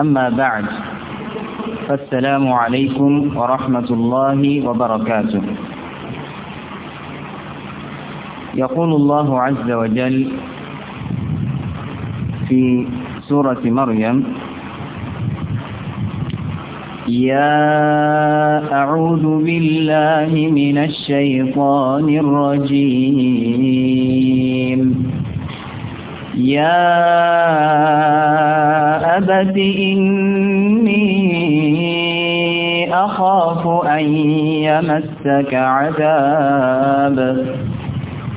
أما بعد فالسلام عليكم ورحمة الله وبركاته يقول الله عز وجل في سورة مريم يا أعوذ بالله من الشيطان الرجيم يا أبت إني أخاف أن يمسك عذاب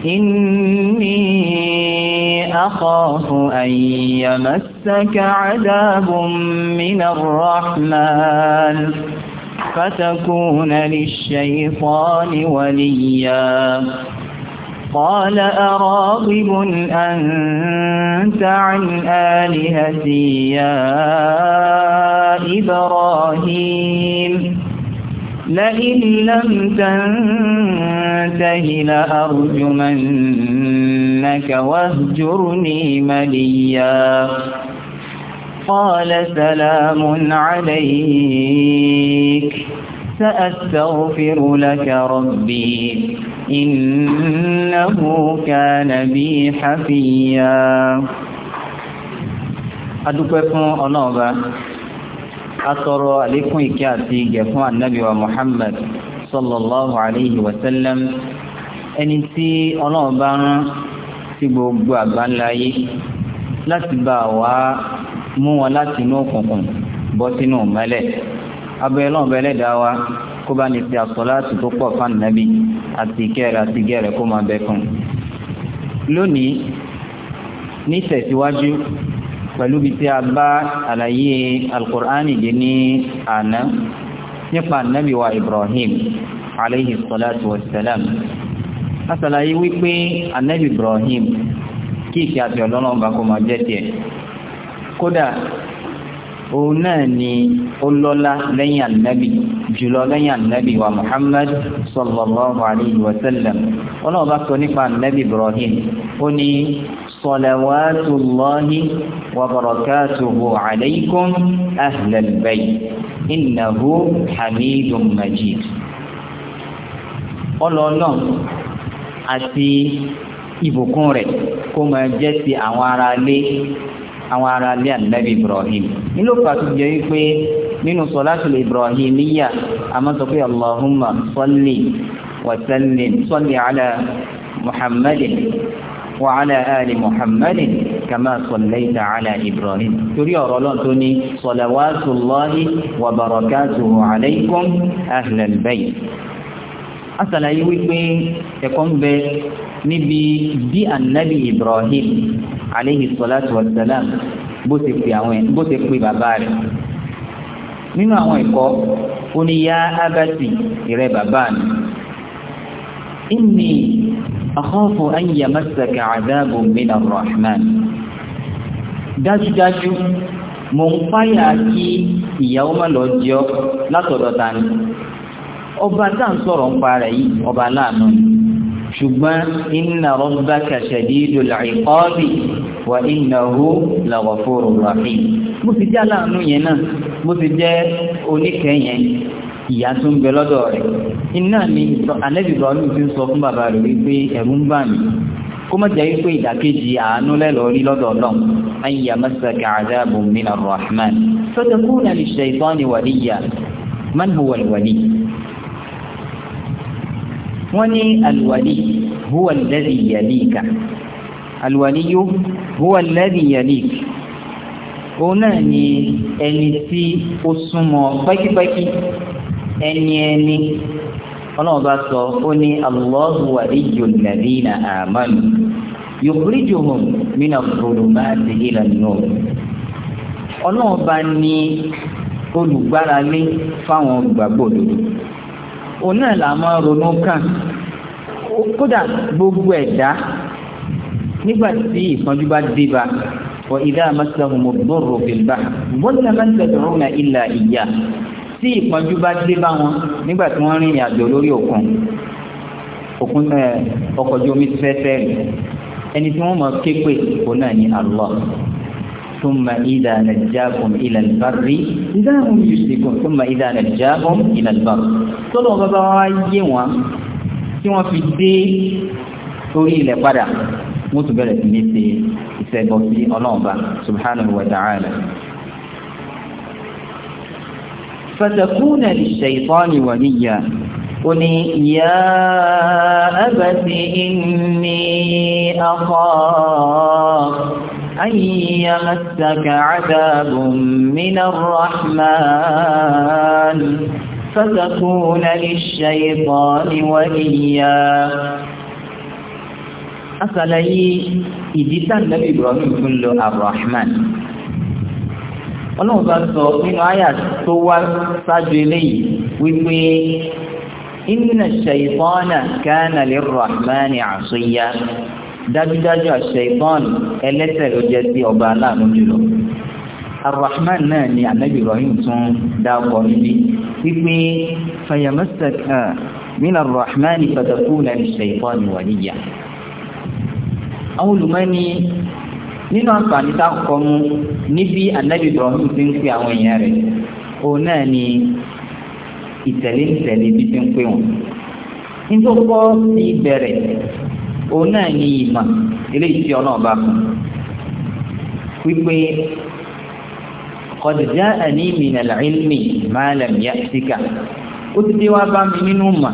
إني أخاف أن يمسك عذاب من الرحمن فتكون للشيطان ولياً قال أراغب أنت عن آلهتي يا إبراهيم لئن لم تنته لأرجمنك واهجرني مليا قال سلام عليك سأستغفر لك ربي إنه كان بي حفيا adúpẹ́ fún ọlọ́ọ̀bá atọrọ àlékún ìkẹ́ àti ìgẹ̀ fún ànábì wa muhammad sallallahu alayhi wa sallam ẹni tí ọlọ́ọ̀bá rán sí gbogbo àgbáńláyé láti bá wa mú wọn láti inú òkùnkùn bọ́ sínú mọ́lẹ̀ abẹ́lọ́n bẹ́lẹ̀ dá wa kó bá ní fi àsọ̀láàtì tó pọ̀ fún ànábì àti ìkẹ́rẹ̀ àti ìgẹ́rẹ̀ kó máa bẹ fún un. lónìí ní tẹ̀síwájú pẹ̀lú bí tí a bá àlàyé alukur'ani dé ní àná nípa ànábì wa ibrahim alayhi salatu wa salam asàlàyé wípé ànábì ibrahim kí ìkẹ́ àti ọlọ́run bá kó máa jẹ́ tiẹ̀ kódà òun náà ni ó lọ́lá lẹ́yìn ànábì jùlọ lẹ́yìn ànábì wa muhammad sallallahu alayhi wa sallam ọlọ́run bá sọ nípa ànábì ibrahim ó ní salawatullahi wa barakatuhu alaykum ahlal bayt innahu hamidun majid ọlọ́ọ̀lọ́n àti ìbùkún rẹ̀ kó máa jẹ́ ti àwọn ará ilé àwọn ará ilé ànábì ibrahim nílò pàtó jẹ́ wípé nínú sọlátùl ibrahimiyya àmọ́ sọ pé allahumma salli wa sallim salli ala muhammadin wa ala ali muhammadin kama sallaita ala ibrahim torí ọ̀rọ̀ lọ́n tó ní salawatullahi wa barakatuhu alaykum ahlal bayt asàlàyé wípé níbi bí anabi ibrahim aleyhi salatu wa salam bó ti pè àwọn bó ti pè bàbá rẹ̀ nínú àwọn ẹ̀kọ́ ó ní yá abati ìrẹ bàbá mi inni akhafu an yamassaka adhabu min ar-rahman dájúdájú mo ń fáyà kí ìyàwó má lọ jẹ́ látọ̀dọ̀ ni ọba tá à ń sọ̀rọ̀ ń pa yìí ọba láàánú ni ṣùgbọ́n inna rabbaka shadidul iqabi wa innahu laghafurur rahim bó ti jẹ́ aláàánú yẹn náà bó ti jẹ́ oníkẹyẹn ìyá tó ń bẹ lọ́dọ̀ rẹ̀ iná ni Ànábì Ibrahim ti ń sọ fún bàbá rẹ̀ wípé ẹ̀rù ń bà mí kó má jẹ́ wípé ìdàkejì àánú lẹ́lọ́rí lọ́dọ̀ Ọlọ́run an yamassaka adhabun minar rahman fatakuna lish-shaytani waliyyan man huwa wọ́n ní alùwàlì huwa alladhi yalika alùwàlì yóò huwa alladhi yalika òun náà ni ẹni tí ó súnmọ́ pẹ́kípẹ́kí ẹni ẹni ọlọ́run bá sọ ó ní Allahu waliyyul ladina amanu yukhrijuhum mina dhulumati ila nur ọlọ́run bá ní olùgbáralé fáwọn gbàgbọ́ òdodo òun náà là máa ronú kàn kódà gbogbo ẹ̀dá nígbà tí ìpọ́njú bá dé bá wọ ìdá amásàmù mọ̀gbọ́rọ̀ bìlbà bọ́lá máa ń tẹ̀sán náà ìlà ìyá tí ìpọ́njú bá dé bá wọn nígbà tí wọ́n rìnrìn àjò lórí òkun òkun ọkọ̀ ojú omi ti fẹ́ fẹ́ ẹni tí wọ́n mọ̀ képe òun náà ní Allah ثم إذا نجاكم إلى البر إذا هم يشركون ثم إذا نجاكم إلى البر tọ́lọ̀ bàbá wa yé wọn tí wọ́n fi dé orí ilẹ̀ padà wọ́n tún bẹ̀rẹ̀ sí ní ṣe ìṣẹ́gbọ́ sí ọlọ́ọ̀bá subhanahu wa ta'ala فتكون للشيطان وليا قل يا أبت إني أخاف أن يمسك عذاب من الرحمن فتكون للشيطان وليا أصلي إذا النبي إبراهيم كل الرحمن ọlọ́run bá sọ nínú àyà tó wá sáájú eléyìí wípé inna ash-shaytana kana lir-rahmani 'asiya dájúdájú àṣẹ ìbọn ẹlẹ́ṣẹ̀ ló jẹ́ sí ọba aláàánú jùlọ arrahman náà ni anabi ibrahim tún dákọ níbi wípé fayamasaka min arrahman fatakuna ṣe ìbọn wàníyà àwọn olùmọ́ni nínú àǹfààní tá mu níbi anabi ibrahim ti ń pe àwọn èèyàn rẹ̀ òun náà ni ìtẹ̀lé ìtẹ̀lé bí ti ń pè wọ́n nítorí kọ́ ti bẹ̀rẹ̀ òun náà ní ìmọ̀ eléyìí tí ọlọ́run bá fún wípé qad jā'anī mina al-'ilmi mā lam ya'tika ó ti dé wá bá mi nínú mà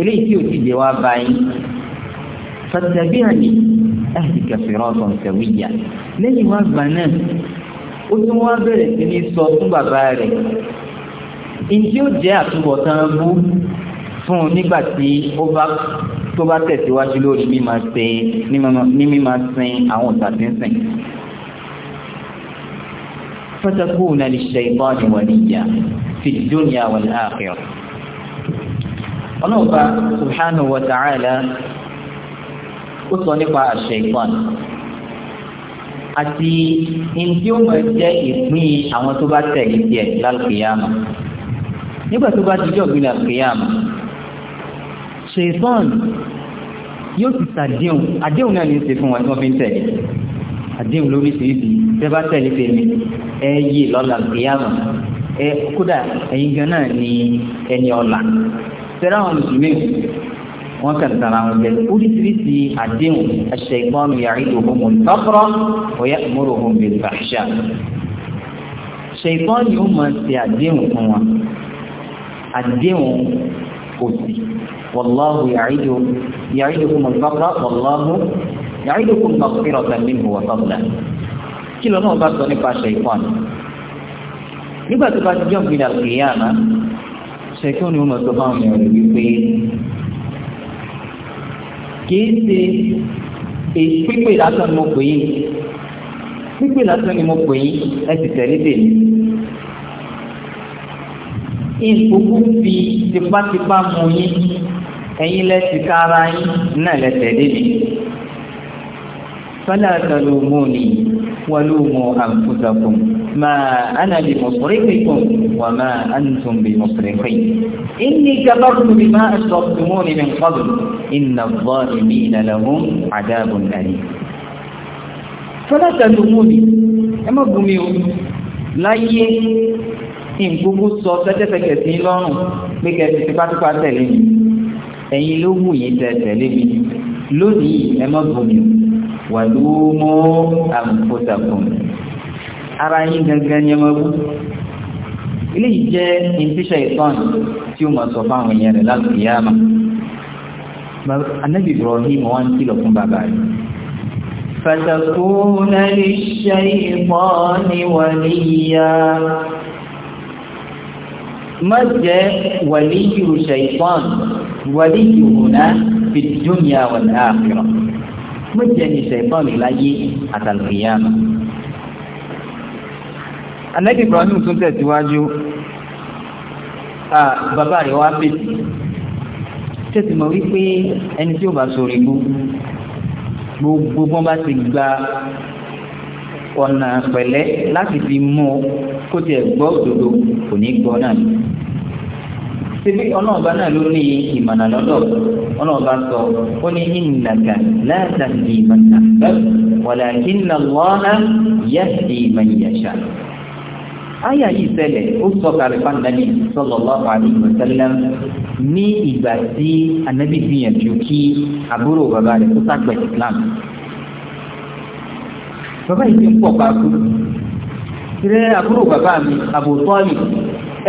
eléyìí tí ò ti dé wá bá yín fattabi'nī ahdika ṣirāṭan sawiyyan lẹ́yìn wá gbà náà ó tún wá bẹ̀rẹ̀ sí ní sọ fún bàbá rẹ̀ ìdí ó jẹ́ àtúbọ̀tán bú fún un nígbà tí ó bá tó bá tẹ̀síwájú lórí mímá sin àwọn ìtàsínsìn fatakuna lish-shaytani waliyya fi dunya wal-akhirah ọlọ́ọ̀bá subhanahu wa ta'ala ó sọ nípa ash-shaytan àti ìdí ó máa jẹ́ ìpín àwọn tó bá tẹ̀lé tiẹ̀ lálùkìyàmù nígbà tó bá ti jọ̀gbìn lálùkìyàmù ṣèṣán yóò ti sàdéhùn àdéhùn náà ní í ṣe fún wa tí wọ́n fi ń tẹ̀lé àdéhùn lórí ṣèṣì tẹ́ bá tẹ̀lé tèmi ẹ yí lọ́la gbéyàwó ẹ kódà ẹ̀yin gan náà ní ẹni ọ̀la tẹ́lá àwọn mùsùlùmí wọ́n kàn tara wọn jẹ oríṣiríṣi àdéhùn aṣ-ṣaytanu ya'iduhumul faqra wa ya'muruhum bil fahsha ṣèṣán yóò máa ṣe àdéhùn fún wa àdéhùn òsì والله يعيد يعيدكم الفقر والله يعيدكم مغفرة منه وفضلا kí lọ́nà bá sọ nípa ṣèkọ́n nígbà tó bá ti jọ́ gbìyànjú kìíyàmá ṣèkọ́n ni wọ́n sọ fáwọn èèyàn rẹ̀ wípé kìí ṣe pípé lásán ni mo pè yín pípé lásán ni mo pè yín ẹ ti tẹ̀lé tèmi ìfowópamọ́ tipátipá mú yín ẹ̀yin lẹ́sì kára yín náà lẹ́sẹ̀ débi fala talumuni walumu anfusakum ma ana bi musrifikum wa ma antum bi musrifin inni kafartu bima ashraftumuni min qabl inna adh-dhalimina lahum adhabun alim fala talumuni ẹ má bú mi o láyé nǹkan gbogbo sọ tẹ́tẹ́fẹ̀kẹ̀ sí lọ́rùn pé kẹ́ẹ̀ tipátipá tẹ̀lé mi ẹ̀yin ló mú yín tẹ tẹ̀lé mi lónìí ẹ má bomi wà ló mọ́ àmúfòsàkùn ara yín gangan ni ẹ má bú ilé yìí jẹ́ ìfíṣẹ́ ìtàn tí ó mọ̀ sọ fáwọn èèyàn rẹ̀ láti fi yáàmà anábì Ibrahim wọn ń kìlọ̀ fún bàbá rẹ̀ فتكون للشيطان وليا má jẹ́ wàlíyù ṣẹ̀tọ́n wàlíyù hùnà fi dúnyà wà láàfíà má jẹ́ ní ṣẹ̀tọ́n láyé àtàlùfíàmù. Ànábì Ibrahim tún tẹ̀síwájú bàbá rẹ̀ wá bèèrè tí ó ti mọ̀ wípé ẹni tí ó bá sọ̀rọ̀ igbó gbogbo bọ́n bá ti gba ọ̀nà pẹ̀lẹ́ láti fi mú ọ kó tiẹ̀ gbọ́ òdodo kò ní gbọ́ náà ni. síbi ọlọ́ọ̀bá náà ló ní ìmọ̀nà lọ́dọ̀ ọlọ́ọ̀bá sọ ó ní ìnàgà látàdì ìmọ̀nà bẹ́ẹ̀ wọ̀lá ìnà lọ́ọ́nà yẹ́sì ìmọ̀nyẹ̀ṣà. Aya yìí ṣẹlẹ̀ ó sọ kàrífà nàbí sallallahu alaihi wasallam ní ìgbà tí ànábì kí àbúrò bàbá rẹ̀ tó sàgbẹ̀ bàbá yìí ti ń pọ̀ pàápù ìrẹ́ àbúrò bàbá mi àbòtọ́ọ̀lì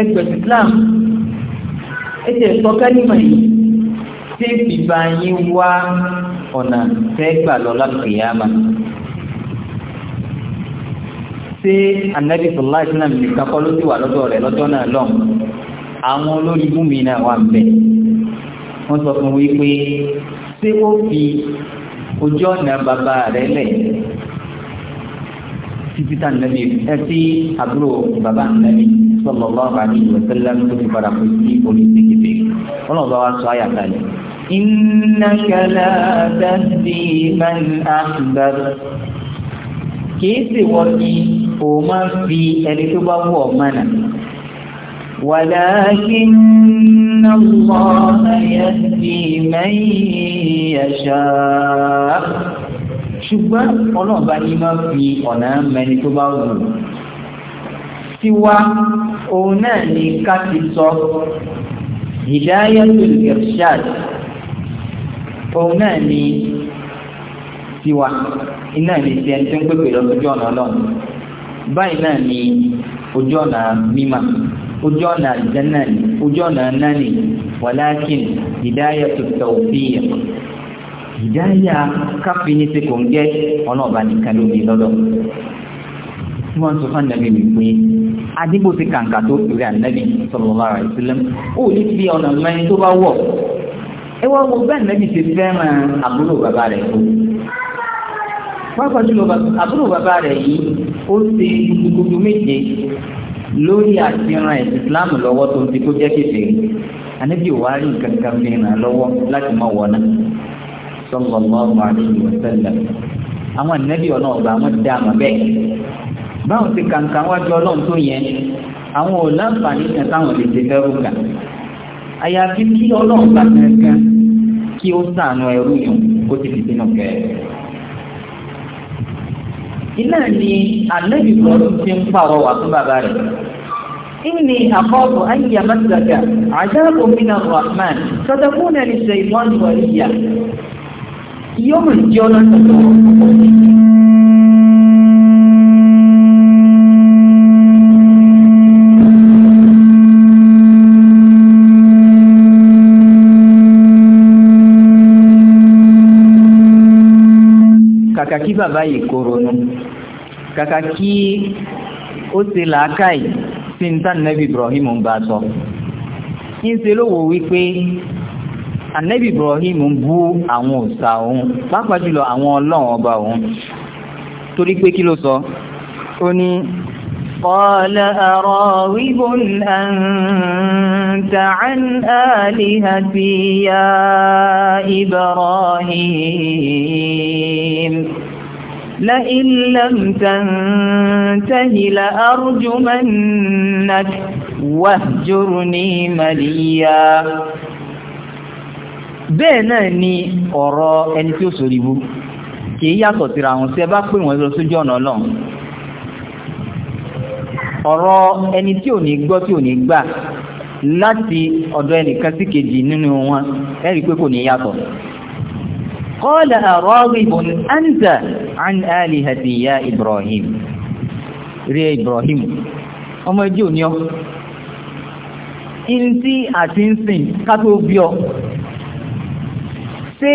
ẹgbẹ̀ Islam ẹ̀jẹ̀ sọ́kẹ́lìmọ̀ yìí tí ìbá yín wá ọ̀nà tẹ́ gbà lọ láti yáma ṣé anabi sọlá islam nìkan kọ́ ló ti wà lọ́dọ̀ rẹ̀ lọ́jọ́ náà lọ́n àwọn olórí bùnmi náà wà ń bẹ̀ wọ́n sọ fún wípé ṣé ó fi ojú ọ̀nà bàbá rẹ̀ lẹ̀ títí tá nàbí ẹtí àbúrò bàbá nàbí sallallahu alaihi wa sallam tó fi padà kó sí oníṣègbè ọlọ́ọ̀bá wa sọ àyà kalẹ̀. إنك لا تهدي من أحببت fi ẹni tó bá wù ọ́ mánà ولكن الله يهدي ṣùgbọ́n ọlọ́ọ̀bá ní máa fi ọ̀nà mẹni tó bá wù tiwa òun náà ni ká ti sọ hidayatul irshad òun náà ni tiwa iná ni ti ẹni tó ń pèpè lọ sójú ọ̀nà ọlọ́run báyìí náà ni ojú ọ̀nà mímà ojú ọ̀nà àjẹ́ náà ni ojú ọ̀nà náà ni wàlákìn hidayatul tawfiq ìdáyà káfí ní ti kò ń gẹ́ ọlọ́ọ̀bá nìkan ló di lọ́dọ̀ tí wọ́n sọ fún ànábì mi pé adigun ti kàǹkà tó rẹ̀ ànábì sallallahu alaihi wasallam ó ní fi ọ̀nà mẹ́rin tó bá wọ̀ ẹ wọ́n wo bẹ́ẹ̀ ànábì ti fẹ́ràn àbúrò bàbá rẹ̀ tó pápá jùlọ àbúrò bàbá rẹ̀ yìí ó ti gbogbo méje lórí àfihàn ẹ̀sìn islam lọ́wọ́ tó ti kó jẹ́ kéfèé ànábì wàá rí nǹkan kan fi ràn lọ́wọ́ láti má wọ̀ náà sallallahu alayhi wa sallam àwọn ànábì ọlọ́run ọba wọn dá àmọ́ bẹ́ẹ̀ báwọn ti kàǹkà wájú ọlọ́run tó yẹn àwọn ò láǹfààní kan táwọn lè ṣe fẹ́rù kà àyàfi kí ọlọ́run bá kankan kí ó sàánú ẹrú yàn kó ti fi sínú kẹrẹ iná ni ànábì ọlọ́run ti ń pàwọ́ wà fún bàbá rẹ̀ إني أخاف أن يمسك عذاب من الرحمن فتكون للشيطان وليا yóò mọ̀ jẹ́ ọ̀nà tó lọ́wọ́ púpọ̀ sí. kàkà kí bàbá yìí kó ronú kàkà kí ó ṣe làákàyè sí ní tànàbí Ibrahim ń bá sọ ń ṣe lówó wípé anabi ibrahim ń bú àwọn òòṣà òun pàápàá jùlọ àwọn ọlọ́run ọba òun torí pé kí ló sọ ó ní قال أراغب أنت عن آلهتي يا إبراهيم لئن لم تنته لأرجمنك واهجرني مليا bẹ́ẹ̀ náà ni ọ̀rọ̀ ẹni tí ó sòrìbú kìí yàtọ̀ tìrà àwọn tí ẹ bá pè wọ́n lọ sójú ọ̀nà ọlọ́run ọ̀rọ̀ ẹni tí ò ní gbọ́ tí ò ní gbà láti ọ̀dọ̀ ẹnìkan sí kejì nínú wọn ẹ rí pé kò ní yàtọ̀ qala aragibun anta an alihati ya Ibrahim rí Ibrahim ọmọ ẹjọ́ ni ọ́ in tí àti ń sìn ká tó bí ṣé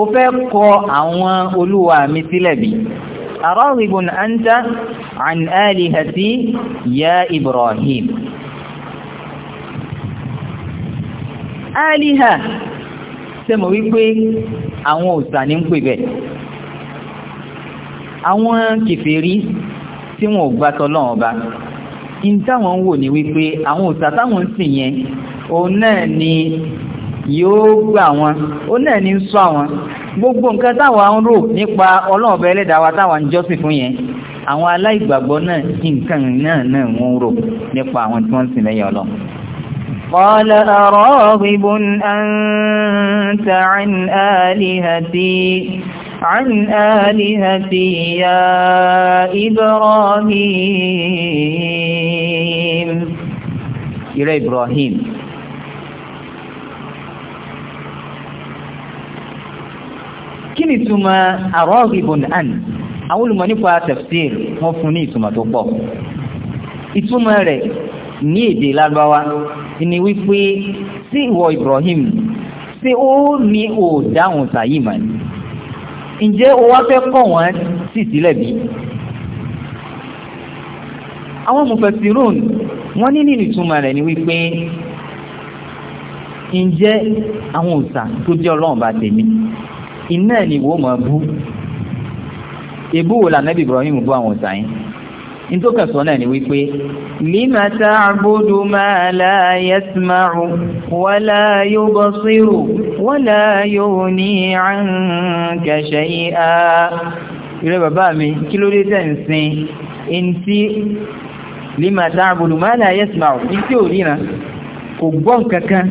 o fẹ́ kọ àwọn olúwa mi sílẹ̀ bí araghibun anta an alihati ya Ibrahim aliha ṣe mọ̀ wípé àwọn òsà ní ń pè bẹ̀ àwọn kèfèrí tí wọn ò gbà ọba in táwọn wò ní wípé àwọn òsà táwọn ń sìn yẹn òun náà ni yóò gbà wọn ó náà ní sọ àwọn gbogbo nǹkan táwa ń rò nípa ọlọ́ọ̀bẹ ẹlẹ́dàá wa táwa ń jọ́sìn fún yẹn àwọn aláìgbàgbọ́ náà nǹkan náà náà wọ́n rò nípa àwọn tí wọ́n ń lẹ́yìn ọlọ́run قال أراغب أنت عن آلهتي عن آلهتي يا إبراهيم إلى إبراهيم kí ni ìtumọ̀ àrọ́gìbùn àn àwọn olùmọ̀ nípa tafsir wọ́n fún ní ìtumọ̀ tó pọ̀ ìtumọ̀ rẹ̀ ní èdè lágbáwá ni wípé sí ìwọ Ibrahim sí ó ní ò dáhùn sàyíma ni ǹjẹ́ o wá fẹ́ kọ̀ wọ́n sì sílẹ̀ bí àwọn mufasirun wọ́n ní nínú ìtumọ̀ rẹ̀ ni wípé ǹjẹ́ àwọn òòṣà tó jẹ́ ọlọ́run bá tèmi iná ẹ̀ ni wò mọ̀ bú ebú wo la nẹ́bí Ibrahim bú àwọn ọ̀tá yín nítòkàn sọ náà ni wípé lima ta'budu ma la yasma'u wala yubsiru wala yughni 'anka shay'a ìrẹ́ bàbá mi kí ló dé tẹ́ ń lima ta'budu ma la yasma'u ní tí ò ríran kò gbọ́ nǹkankan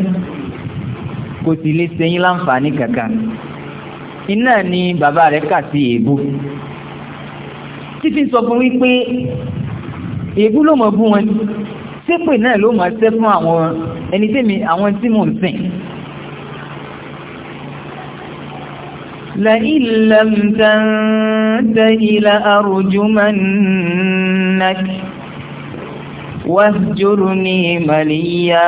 kò sì lè ṣe kankan iná ni bàbá rẹ̀ kà sí èébú títí sọ fún wípé èébú ló mọ̀ bú wọn ṣépè náà ló mọ̀ ṣẹ́ fún àwọn ẹni tèmi àwọn tí mò ń sìn لئن لم تنتهي لأرجمنك wájúrúní màlíyá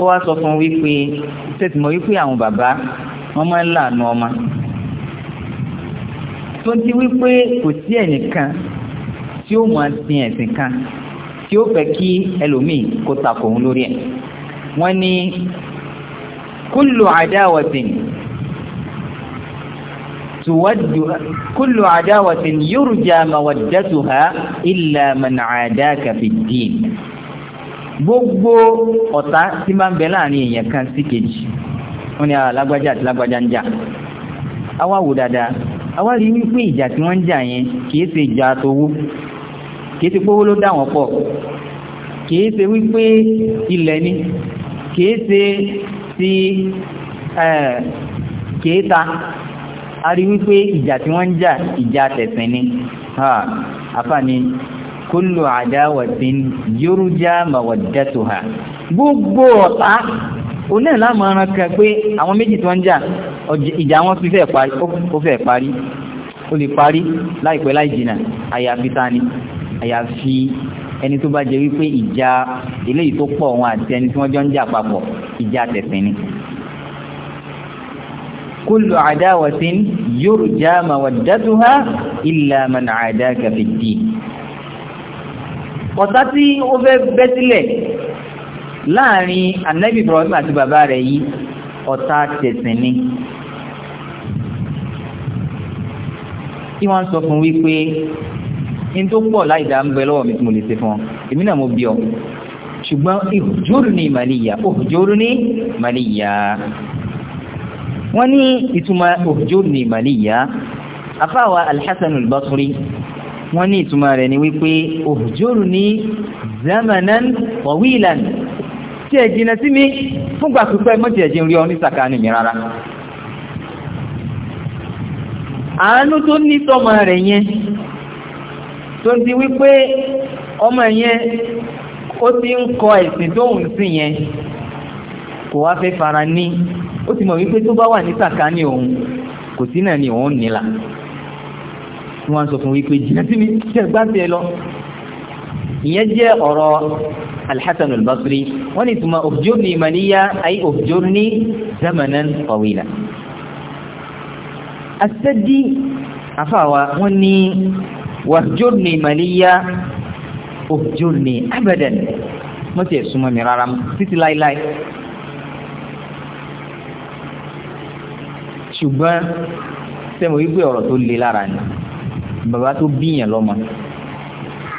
ó wá sọ fún wípé tẹ́tìmọ̀ wọ́n máa ń lànà ọmọ tó ti wípé kò sí ẹnìkan tí ó máa sin ẹ̀sìn kan tí ó fẹ́ kí ẹlòmíì kó takò òun lórí ẹ̀ wọ́n ní kullu adawatin kullu adawatin yurja mawaddatuha illa man adaka fid din gbogbo ọ̀tá tí máa ń bẹ láàrin èèyàn kan sí kejì wọ́n ní alágbájá ah, àti lágbájá ń jà àwa wò dáadáa àwa rí wípé ìjà tí wọ́n ń jà yẹn kìí ṣe ìjà tówó kìí ṣe pówó ló dà wọ́n pọ̀ kìí ṣe wípé ilẹ̀ ni kìí ṣe ti kìí ta a rí wípé ìjà tí wọ́n ń jà ìjà tẹ̀sìn ni àfààní kullu adawatin yurja mawaddatuha gbogbo ọ̀tá òun náà láàmú ẹran kan pé àwọn méjì tó ń jà ìjà wọn fi fẹ́ parí ó fẹ́ parí ó lè parí láìpẹ́ láì jìnà àyàfi ta àyàfi ẹni tó bá jẹ wípé ìjà eléyìí tó pọ̀ wọn àti ẹni tí wọ́n jọ ń jà papọ̀ ìjà tẹ̀sìn ni. kullu adawatin yurja mawaddatuha illa man adaka fid-din ọ̀tá tí ó láàrin anabi ibrahim àti bàbá rẹ̀ yìí ọ̀tá tẹ̀sìn ni tí wọ́n sọ fún wípé n tó pọ̀ láì dá ń bẹ lọ́wọ́ mi tí mo lè ṣe fún ọ èmi náà mo bí ọ ṣùgbọ́n ìhùjórù ní màlíyà òhùjórù ní màlíyà wọ́n ní ìtumọ̀ òhùjórù ní màlíyà afáwa alhassan al wọ́n ní ìtumọ̀ rẹ̀ ni wípé òhùjórù ní zamanan wawilan tí ẹ jìnà sí mi fúngbà pípẹ́ mọ́tì ẹ̀jìn rí ọ ní sàkánì mi rárá àánú tó ní sọmọ rẹ̀ yẹn tó ti wípé ọmọ yẹn ó ti ń kọ ẹ̀sìn tó ń sìn yẹn kò wá fẹ́ fara ní ó ti mọ̀ wípé tó bá wà ní sàkánì òun kò sí náà ni òun nílà wọ́n sọ fún wípé jìnà sí mi tí ẹ gbá tiẹ̀ lọ ìyẹn jẹ́ ọ̀rọ̀ الحسن البصري ونسمى أهجرني منيا أي أهجرني زمنا طويلا السدي أفاوى وني واهجرني منيا أهجرني أبدا متى يسمى مرارا تتي لاي لاي ṣùgbọ́n sẹ́mo wípé ọ̀rọ̀ tó le lára ni bàbá tó bíyàn lọ́mọ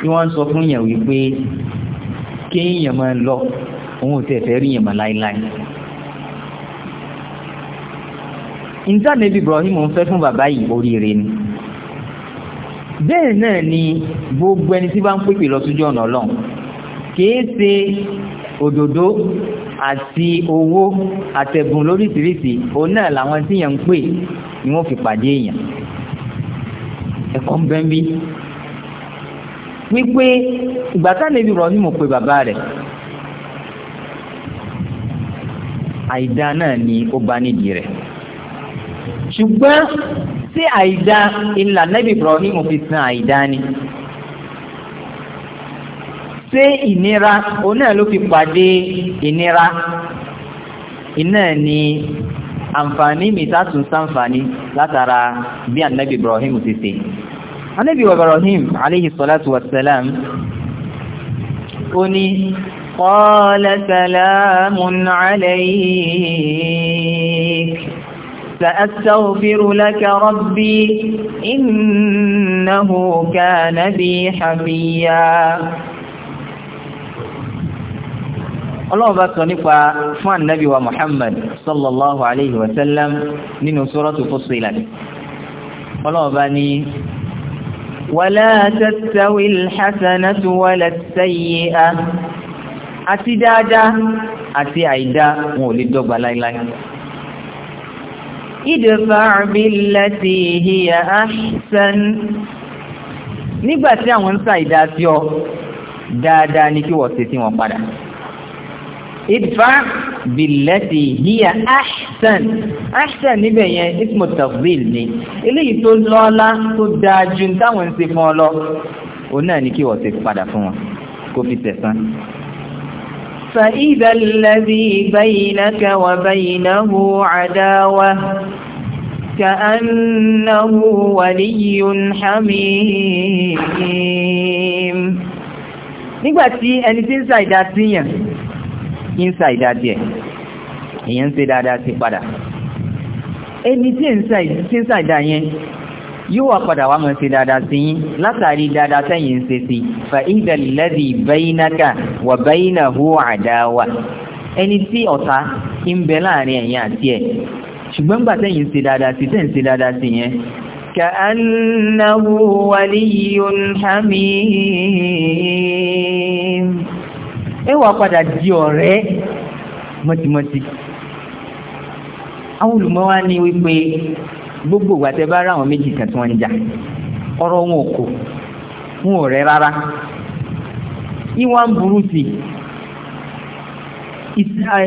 tí wọ́n ń sọ fún yàn wípé kéèyàn máa lọ òun ò tẹ̀ fẹ́ rí yẹn mọ̀ láíláí. ìntánẹ́bí Ibrahim ń fẹ́ fún bàbá yìí oríire ni bẹ́ẹ̀ náà ni gbogbo ẹni tí bá ń pèpè lọ sójú ọ̀nà Ọlọ́run kìí ṣe òdòdó àti owó àtẹ̀bùn lóríṣiríṣi òun náà làwọn tí yẹn ń pè ni wọ́n fi pàdé èèyàn ẹ̀kọ́ ń bẹ́ẹ̀ bí wípé ìgbà tánàbí Ibrahim pé bàbá rẹ̀ àìdá náà ni ó bá nídìí rẹ̀ ṣùgbọ́n sí àìdá ìlà nẹ́bí Ibrahim fi san àìdá ni ṣé ìnira òun náà ló fi pàdé ìnira iná ni àǹfààní mi sátún sáǹfààní látara bí ànábì Ibrahim ti ṣe anábì Ibrahim alayhi salatu wassalam ó ní qala salamun alayk سأستغفر لك ربي إنه كان بي حفيا ọlọ́run bá sọ nípa fún ànábì wa muhammad sallallahu alayhi wa sallam nínú sọ́rọ́tù Fussilat ọlọ́run ní ولا تستوي الحسنة ولا السيئة àti dáadáa àti àìdá wọn ò lè dọ́gba láíláí idfa' billati hiya ahsan nígbàtí àwọn ń sa sí ọ dáadáa ní kí wọ́n ṣe sí wọn padà idfa billati hiya ahsan ahsan níbẹ̀ yẹn ismu tafdil ni eléyìí tó lọ́lá tó dáa ju táwọn ń ṣe fún ọ lọ òun náà ní kí wọ́n ti padà fún wọn kó fi tẹ̀sán. فإذا الذي بينك وبينه عداوة كأنه ولي حميم nígbà tí ẹni tí ń ṣàìdá ń sa ìdádìẹ èèyàn ń ṣe dáadáa sí padà ẹni tí ń sa ìdá yẹn yóò wá padà wá mọ̀ sí dáadáa sí yín látàrí dáadáa sẹ́yìn ń ṣe sí fa idhal ladhi baynaka wa baynahu adawa ẹni tí ọ̀tá ń bẹ láàrin ẹ̀yin àti ẹ̀ ṣùgbọ́n gbà sẹ́yìn ń ṣe dáadáa sí tẹ́ ń ṣe dáadáa sí yẹn ka'annahu waliyyun hamim E padà di ọ̀rẹ́ mọ́tímọ́tí àwọn ni gbogbo ìgbà bá ráwọn méjì kan tí wọ́n ń jà ọ̀rọ̀ wọn kò wọn ò rẹ́ rárá ìwà ń burú sí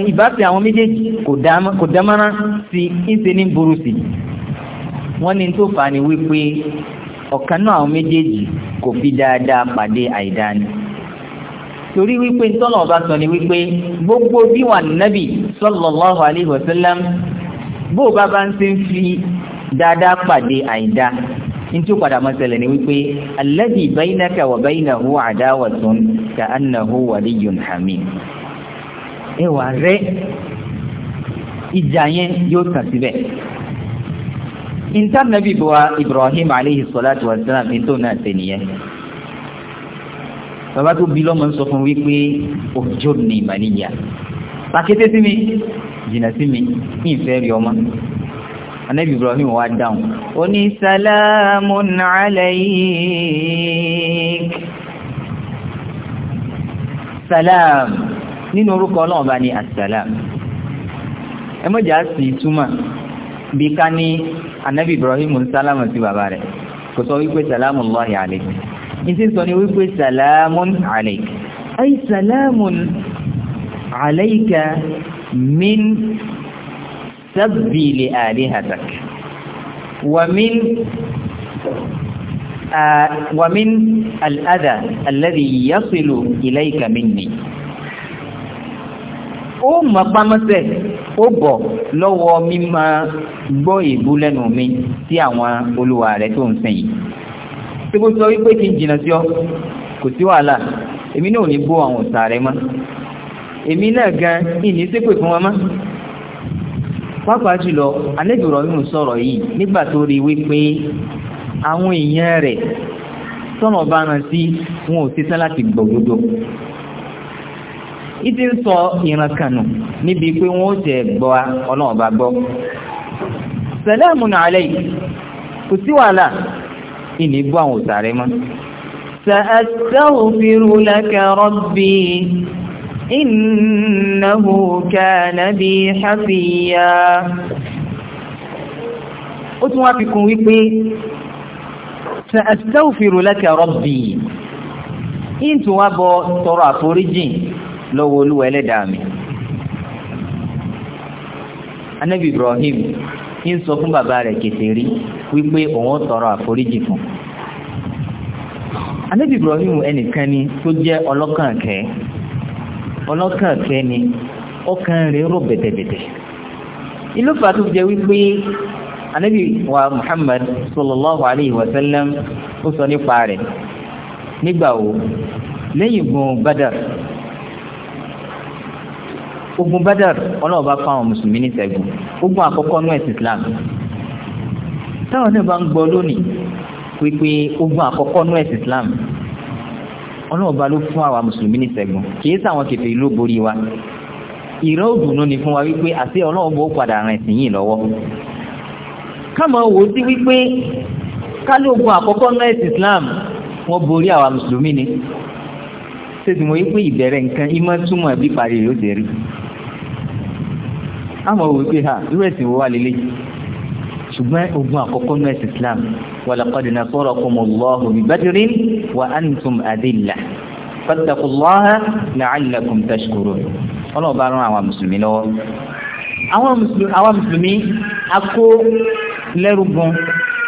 ìbáfẹ́ àwọn méjèèjì kò dámárá sí ìṣe ní burú sí wọ́n ní tó fà ní wípé ọ̀kan náà àwọn méjèèjì kò fi dáadáa pàdé ni. torí wípé tọ́lọ̀ ọba sọ ni wípé gbogbo bí wà nábì sallallahu alaihi wasallam bó o bá bá ń ṣe ń fi dáadáa pàdé àìdá ntí ó padà máa ṣẹlẹ̀ ni wípé alladhi baynaka wa baynahu adawatun ka'annahu waliyyun hamim ẹwà rẹ ìjà yẹn yóò tàn síbẹ̀ intan nabi bua Ibrahim alayhi salatu wa salam ètò náà ṣe bàbá tó bí lọ́mọ ń sọ fún wípé òjò ní ìmàníyà pàkété sí mi jìnà sí mi ní ìfẹ́ rí ọmọ anábì Ibrahim wá dáhùn ó ní salamun alayk salam nínú orúkọ ọlọ́run bá ní asalam ẹ mọ́jà sí túmọ̀ bí ká ní anábì Ibrahim ń sálámù sí bàbá rẹ̀ kò sọ wípé salamullahi alayk ìsì sọ ni wípé salamun alaik ay salamun alaika min sabbili alihatak wa min wa min al'adha alladhi yasilu ilaika minni ó mọ̀ pámọ́sẹ̀ ó bọ̀ lọ́wọ́ mímọ̀ gbọ́ ìbú lẹ́nu mi sí àwọn olúwa rẹ̀ tó ń sìn tí kò sọ wípé kí n jìnà sí ọ kò sí wàhálà èmi náà ò ní bó àwọn ọ̀tá rẹ mọ́ èmi náà gan ìní ṣépè fún wọn mọ́ pápá jùlọ alẹ́bìrọ̀ mímú sọ̀rọ̀ yìí nígbà tó rí wípé àwọn èèyàn rẹ̀ tọ́nà bá rán sí wọn ò ṣetán láti gbòdodo ìdí ń sọ ìran kànù níbi pé wọn ó jẹ gbọ́ ọlọ́run bá gbọ́ sàlámù nàálẹ́ yìí kò sí wàhálà ìní gbọ́ àwọn òsàrẹ́ mọ́. sa'astaghfiru laka rabbi innahu kana bi hafiya. ó tún wá fi kún wípé sa'astaghfiru laka rabbi ìntún wá bọ tọrọ àforíjìn lọ́wọ́ olúwa ẹlẹ́dàá mi. anabi ibrahim ń sọ fún bàbá rẹ̀ kèfèrí wípé òun tọrọ àforíjì fún anábì Ibrahim ẹnìkan ni tó jẹ́ ọlọ́kànkẹ́ ọlọ́kànkẹ́ ni ọkàn rẹ̀ rò bẹ̀tẹ̀bẹ̀tẹ̀ ìlú fà tó jẹ́ wípé anábì wa Muhammad sallallahu alayhi wa sallam ó sọ nípa rẹ̀ nígbà wo lẹ́yìn gun Badar ogun badar ọlọ́run bá fáwọn mùsùlùmí ní ṣẹ́gun ogun àkọ́kọ́ ní ẹ̀sìn islam táwọn náà bá ń gbọ́ lónìí pípé ogun àkọ́kọ́ ní ẹ̀sìn islam ọlọ́run bá ló fún àwa mùsùlùmí ní ṣẹ́gun kìí sáwọn kẹfẹ́ ìlú borí wa ìró òdùnú ni fún wa wípé àti ọlọ́run bó padà rìn sí yìí lọ́wọ́ káàmọ́ wò sí wípé kálógun àkọ́kọ́ ní ẹ̀sìn islam wọ́n borí àwa mùsùlùmí ni ṣé ti mọ̀ wípé ìbẹ̀rẹ̀ nǹkan ìmọ̀ túmọ̀ bí parí yóò ṣe rí àmọ́ wípé ha irú ẹ̀sìn wo wà lélẹ̀ ṣùgbọ́n ogun àkọ́kọ́ ní ẹ̀sìn Islam walaqad nasarakumullahu bi Badrin wa antum adilla fattaqullaha la'allakum tashkurun ọlọ́run bá rán àwọn mùsùlùmí lọ́wọ́ àwọn mùsùlùmí akó lẹ́rùgbọ́n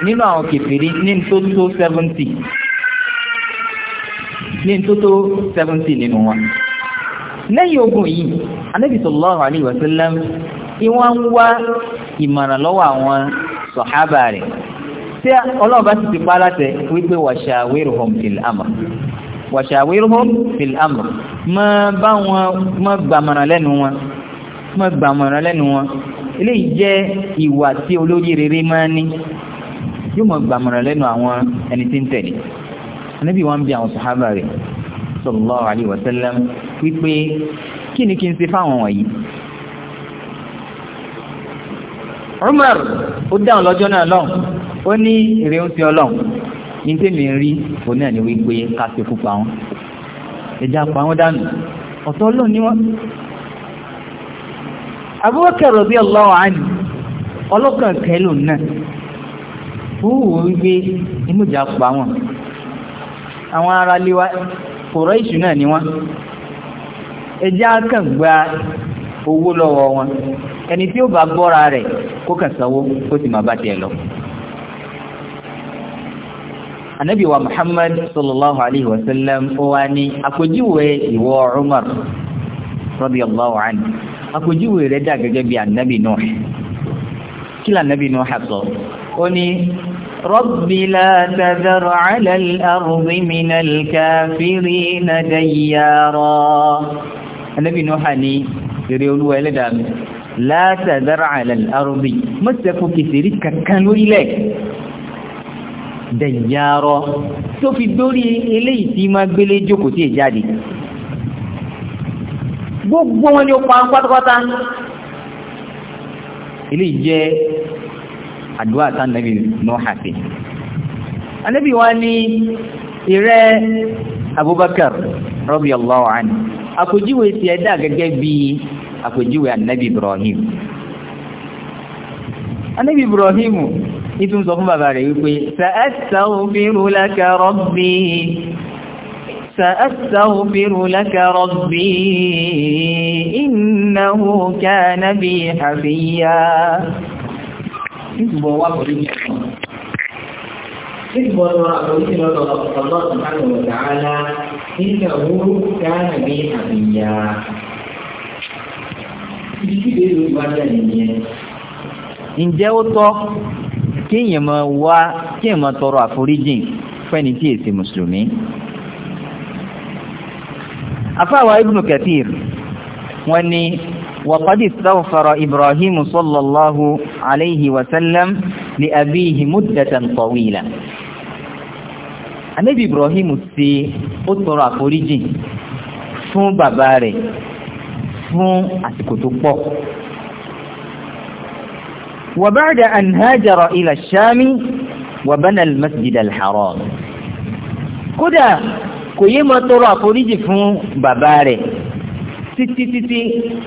nínú àwọn kèfèrí ní tó tó ní tó tó nínú wọn lẹ́yìn ogun yìí Ànábì sallallahu alaihi tí wọ́n ń wá ìmọ̀ràn lọ́wọ́ àwọn sọ̀hábà rẹ̀ tí ọlọ́run bá sì ti pa láti wípé wàṣàwérùhùm fil amr wàṣàwérùhùm fil amr má bá wọn má gbàmọ̀ràn lẹ́nu wọn má gbàmọ̀ràn lẹ́nu wọn eléyìí jẹ́ ìwà tí olórí rere máa ní yóò mọ̀ gbàmọ̀ràn lẹ́nu àwọn ẹni tí ń tẹ̀lé anábì wọn bí àwọn sọ̀hábà rẹ̀ sallallahu alaihi wasallam wípé kí ni kí n ṣe fáwọn wọ̀nyí Umar ó dáhùn lọ́jọ́ náà lọ́hùn ó ní èrè ń fi ọlọ́hùn ní tèmi rí òun náà ni wípé ká ṣe fún pa wọn ẹja pa wọn dànù ni wọ́n. Abubakar radiyallahu anhu ọlọ́kàn kẹlò náà fúwò wípé ìmújà pa wọn àwọn ará léwá kòrọ ìṣù náà ni wọn ẹjẹ́ gba owó lọ́wọ́ wọn ẹni tí ó bá gbọ́ra rẹ̀ kó kàn sanwó kó sì máa bá tiẹ̀ lọ. anabi wa muhammad sallallahu alayhi wa sallam ó wá ní àpèjúwe ìwọ umar radiyallahu anhu àpèjúwe rẹ̀ dà gẹ́gẹ́ bí anabi nuh kí la anabi nuh sọ ó ní رب لا تذر على الأرض من الكافرين ديارا النبي نوح ní ìrẹ́ olúwa ẹlẹ́dàá mi látàdára àlàlárọ́bì mọ́sẹ̀kù kèfèrí kankan lórílẹ̀ dẹ̀yàrọ́ tó fi dórí eléyìí tí máa gbélé jókòó tí è jáde gbogbo wọn ni ó pa pátápátá eléyìí jẹ́ àdúrà tá nàbì nọ́ọ̀hà sí anábì wa ní ìrẹ́ Abubakar radiyallahu anhu àpèjúwe ti ẹ̀dá gẹ́gẹ́ bíi àpèjúwe ànábì Ibrahim ànábì Ibrahim ìtún sọ fún bàbá rẹ̀ wípé sa'astaghfiru laka rabbi سأستغفر لك ربي إنه كان بي حفيا Ìgbọ̀ wà pẹ̀lú ìjọba. Ìgbọ̀ lọ àgbòsí lọ́dọ̀ ọ̀pọ̀lọpọ̀ àwọn ọ̀dà ààlá, ìgbà wúrú ibi tí ìbéèrè yóò wá jáde nìyẹn. ǹjẹ́ ó tọ́ kí èèyàn máa wá kí èèyàn máa tọrọ àforíjìn fẹ́ni tí èsì mùsùlùmí. afáwa ibn kathir wọ́n ní وقد استغفر إبراهيم صلى الله عليه وسلم لأبيه مدة طويلة النبي إبراهيم سي أطرى فريجي fún bàbá rẹ̀ fún àsìkò tó pọ̀. wa ba'da an hajara ila shami wa bana al-masjid al-haram kódà kò yé máa tọrọ àforíjì fún bàbá rẹ̀ títí títí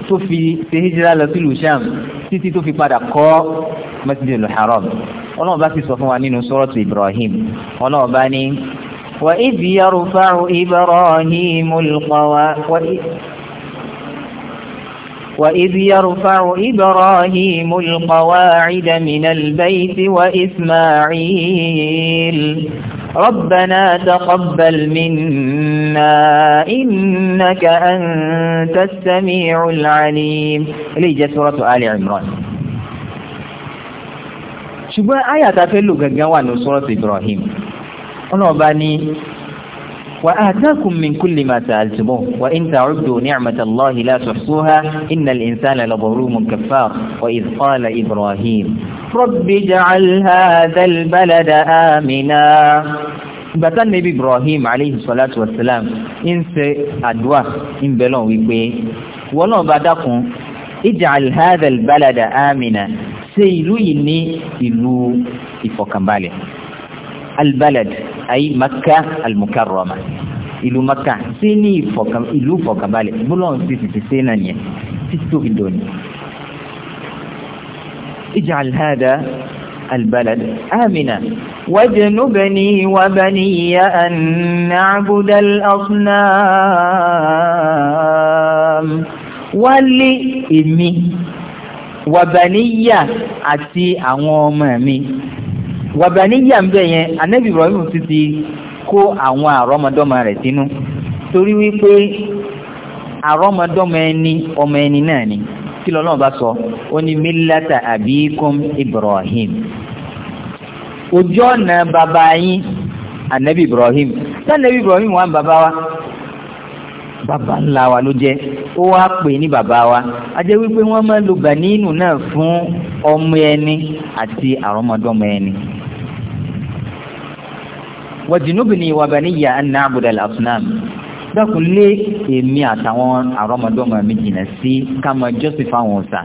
tó fi ṣe hijira lọ sílùú sham títí tó fi padà kọ́ masjid al-haram ọlọ́run bá sì sọ fún wa nínú sọ́rọ́tù ibrahim ọlọ́run bá ní wa idh yarfa'u ibrahim al-qawa وإذ يرفع إبراهيم القواعد من البيت وإسماعيل ربنا تقبل منا إنك أنت السميع العليم ليجة سورة آل عمران ṣùgbọ́n ayàtà fẹ́ lò gangan wà ní sọ́rọ̀tì Ibrahim وآتاكم من كل ما سألتموه وإن تعدوا نعمة الله لا تحصوها إن الإنسان لظلوم كفار وإذ قال إبراهيم رب اجعل هذا البلد آمنا ìgbàtà níbi Ibrahim alayhi salatu wasalam ń ṣe àdúrà ń bẹ lọ́n wípé wọ́n náà bá dákun ij'al hadha albalada amina ṣe ìlú yìí ní ìlú ìfọ̀kànbalẹ̀ albalad أي مكة المكرمة إلو مكة سيني فوق إلو فوق بالي بلون سيسي سيناني سيستو في الدنيا اجعل هذا البلد آمنا واجنبني وبني أن نعبد الأصنام ولي إمي وبني أتي أمامي wàbàníyà ń bẹ yẹn anabi ibrahim ti ti kó àwọn àrọ́mọdọ́mọ rẹ̀ sínú torí wípé àrọ́mọdọ́mọ ẹni ọmọ ẹni náà ni kí lọ́lọ́run bá sọ ó ní mílátà àbíkún ibrahim ojú ọ̀nà bàbá yín anabi ibrahim sanabi ibrahim wà ń bàbá wa bàbá ńlá wa ló jẹ́ ó wá pè ní bàbá wa a jẹ́ wípé wọ́n máa lo bànínú náà fún ọmọ ẹni àti àrọ́mọdọ́mọ ẹni wajinubni wa baniya an na'budu al-asnam dákun lé èmi àtàwọn àrọ́mọdọ́mọ mi jìnà sí kámọ jọ́sìn fáwọn ọ̀sà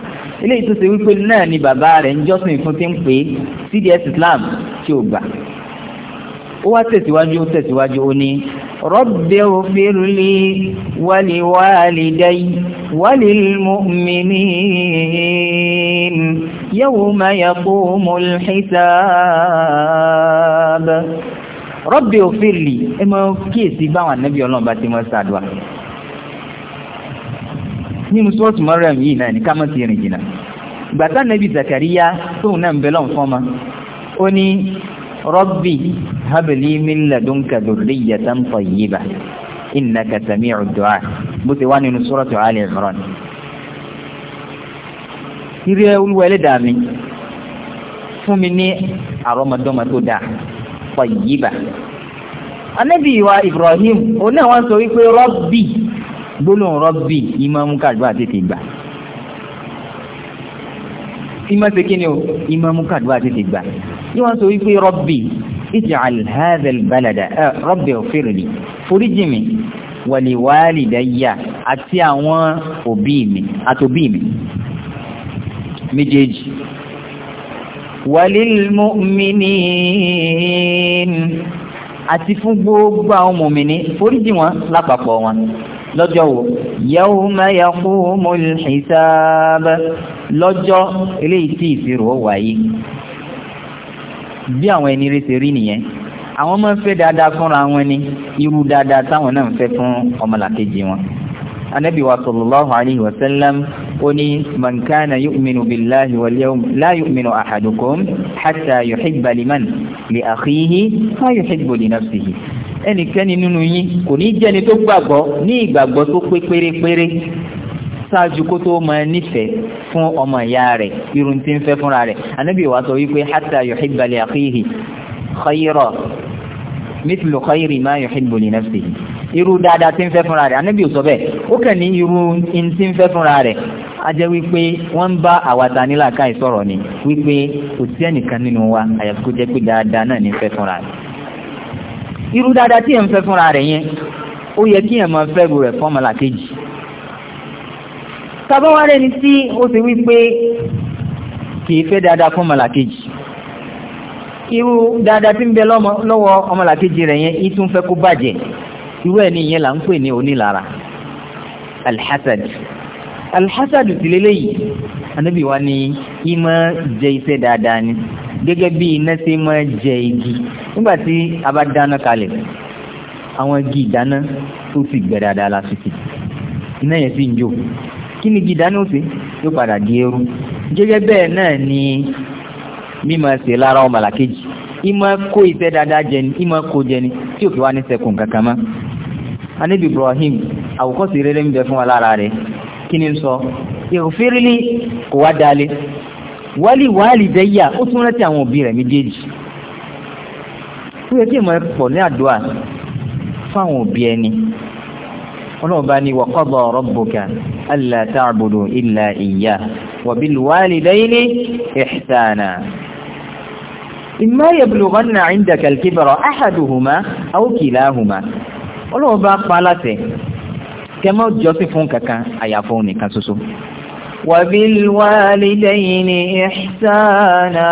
eléyìí tó ṣe wípé náà ni bàbá rẹ̀ ń jọ́sìn fún ti ń pè cds islam tí ò gbà ó wá tẹ̀síwájú ó tẹ̀síwájú ó ní rabbi ighfir li wa li walidayya rọ́bì òfìlì ẹ mọ kíyèsí báwọn ànábì ọlọ́run bá ti mọ sàdùà nínú sọ́ọ̀tù mọ́rẹ́m yìí náà ní kámọ́ ti rìn jìnnà gbàtà nàbì zakariya tóun náà ń bẹ lọ́n fọ́n ma ó ní rọ́bì habli min ladunka dhurriyatan tayyibah innaka sami'u du'a bó ti wá nínú sọ́ọ̀tù Ali Imran ìrẹ́ olúwa ẹlẹ́dàá mi fún mi ní àrọ́mọdọ́mọ dáa tayyiba anabi wa ibrahim òun náà wọ́n sọ wípé rọ́bì gbólóhùn rọ́bì ìmáàmù kàdúrà tètè gbà ìmáàmù kí ni o ìmáàmù kàdúrà tètè gbà yìí wọ́n sọ wípé rọ́bì ij'al hadha albalada rọ́bì òfìrìlì foríjì mi wàlíwàlìdáyà àti àwọn òbí mi àtòbí mi méjèèjì walilmu'minin àti fún gbogbo àwọn mùmìnì foríjì wọn lápapọ̀ wọn lọ́jọ́ wo yawma yaqumul hisab lọ́jọ́ eléyìí tí ìṣirò wáyé bí àwọn ẹni rí ṣe rí nìyẹn àwọn máa ń fẹ́ dáadáa fúnra wọn ni irú dáadáa táwọn náà ń fẹ́ fún ọmọlàkejì wọn anábìwà sallallahu alayhi oni man kana yu'minu billahi wal yawm la yu'minu ahadukum hatta yuhibba liman li akhihi ma yuhibbu li nafsihi ẹnikẹ́ni nínú yín kò ní jẹ́ni tó gbàgbọ́ ní ìgbàgbọ́ tó pé pérépéré ṣáájú kó tó máa nífẹ̀ẹ́ fún ọmọ ìyá rẹ̀ irun tí ń fẹ́ fúnra rẹ̀ anábì wa sọ wípé hatta yuhibba li akhihi khayra mithlu khayri ma yuhibbu li nafsihi irú dáadáa tí ń fẹ́ fúnra rẹ̀ anábì sọ bẹ́ẹ̀ ó kàn ní irú tí ń fẹ́ fúnra rẹ̀ ajẹ́ wípé wọ́n ń bá àwàdà nílàkà ìsọ̀rọ̀ ni wípé kò sí ẹnìkan nínú wa àyàfi kó jẹ́ pé dáadáa náà ní fẹ́ fúnra rẹ̀ irú dáadáa tí ẹ̀ ń fẹ́ fúnra rẹ̀ yẹn ó yẹ kí ẹ̀ máa fẹ́ bu rẹ̀ fọ́mọlà kejì tàbáwárẹ́ ni tí ó ti wípé kìí fẹ́ dáadáa fún ọmọlàkejì irú dáadáa tí ń bẹ lọ́wọ́ ọmọlàkejì rẹ̀ yẹn ìtún fẹ́ kó bàjẹ́ irú ẹ̀ ní ìyẹn là ń pè ní onílara alhassad alhassadu ti lélẹ̀ yìí anabi wa ni ìmọ̀ jẹ iṣẹ́ dáadáa ni gẹ́gẹ́ bí iná ṣe mọ́ jẹ igi nígbà tí a bá dáná kalẹ̀ àwọn igi ìdáná tó sì gbẹ dáadáa lásìkò iná yẹn sì ń jò kí ni igi ìdáná ó ṣe yóò padà di eérú gẹ́gẹ́ bẹ́ẹ̀ náà ni mímọ̀ ṣe lára ọmọ làkejì ìmọ̀ kó iṣẹ́ dáadáa jẹ ni ìmọ̀ kó jẹ ni tí ò fi wá ní kankan mọ́ anabi Ibrahim àwòkọ́sí rere ń bẹ fún wa lára rẹ̀ kí ni n sọ ìrùfírílì kò wá dalẹ̀ wálì wálì dẹ́yà ó tún rántí àwọn òbí rẹ̀ méjèèjì ó yẹ kí ìmọ̀ ẹ pọ̀ ní àdúrà fáwọn òbí ẹni ọlọ́run bá ní wa qada rabbuka alla ta'budu illa iyyah wa bil walidayni ihsana. imma yablughanna 'indaka al-kibra ahaduhuma aw kilahuma ọlọ́run bá pa láṣẹ kẹmọ́ jọ́sìn fún kankan àyàfọ́ nìkan ṣoṣo wàbílwàlìdẹ́yìnì ìṣànà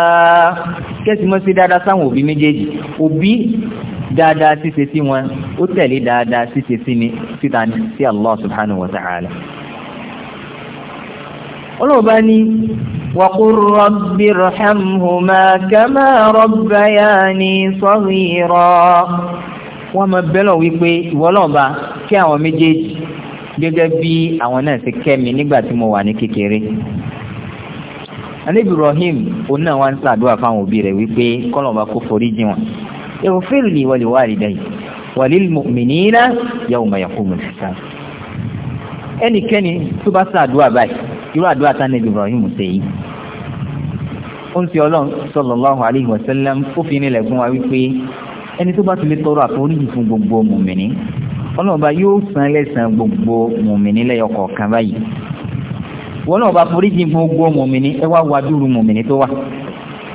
kẹ́sì mọ́ sí dáadáa sáwọn òbí méjèèjì òbí dáadáa ṣíṣe sí wọn ó tẹ̀lé dáadáa ṣíṣe sí ni síta ní sí Allah subhanahu wa ta'ala olóòbá ní وقل رب ارحمهما كما ربياني صغيرا wọ́n mọ bẹ́lọ̀ wípé ìwọ́lọ́ọ̀ba kí àwọn méjèèjì gẹ́gẹ́ bí àwọn náà ti kẹ́ mi nígbà tí mo wà ní kékeré anabi Ibrahim òun náà wá ń ṣàdúrà fáwọn òbí rẹ̀ wípé kọ́lọ̀ọ̀ba kó forí jì wọ́n èrò fèrèlì wọlé wà rí dẹ́yìn wàlíl mùmìnira yawma yaqumul hisab ẹnikẹ́ni tó bá ṣàdúrà báyìí irú àdúrà tá anabi Ibrahim ṣe yìí ó ń fi ọlọ́run sallallahu alaihi wasallam ó fi nílẹ̀ fún wa wípé ẹni tó bá ti lè tọrọ àforíjì fún gbogbo mùmìnì ọlọ́ọ̀ba yóò san lẹ́sàn gbogbo mùmìnì lẹ́yọkọ̀ọ̀kan báyìí wọn náà bá foríjì fún gbogbo mùmìnì ẹ wá wá dúró mùmìnì tó wà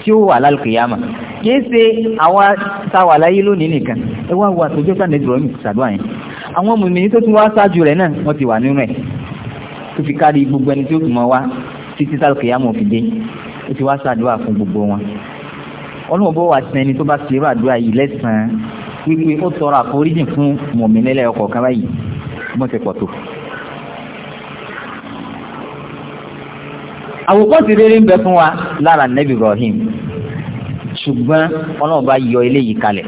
tí ó wà lálùkìyàmà kìí ṣe àwa táwà láyé lónìí nìkan ẹ wá wà tójọ́ sáà nẹ́dùrọ̀ mi ṣàdúrà yẹn àwọn mùmìnì tó tún wá ṣáájú rẹ̀ náà wọ́n ti wà nínú ẹ̀ tó fi kárí gbogbo ẹni tó tún mọ́ wá títí sálùkìyàmà òfin dé ó ti wá ṣàdúrà fún gbogbo wọn ọlọ́run bó wà sàn ẹni tó bá ṣe irú àdúrà yìí lẹ́sàn-án wípé ó tọrọ àforíjìn fún mọ̀mílẹ́lẹ̀ ọkọ̀ kan báyìí bọ́n ti pọ̀ tó. àwòkọ́ ti rere ń bẹ fún wa lára nẹ́bí Ibrahim ṣùgbọ́n ọlọ́run yọ eléyìí kalẹ̀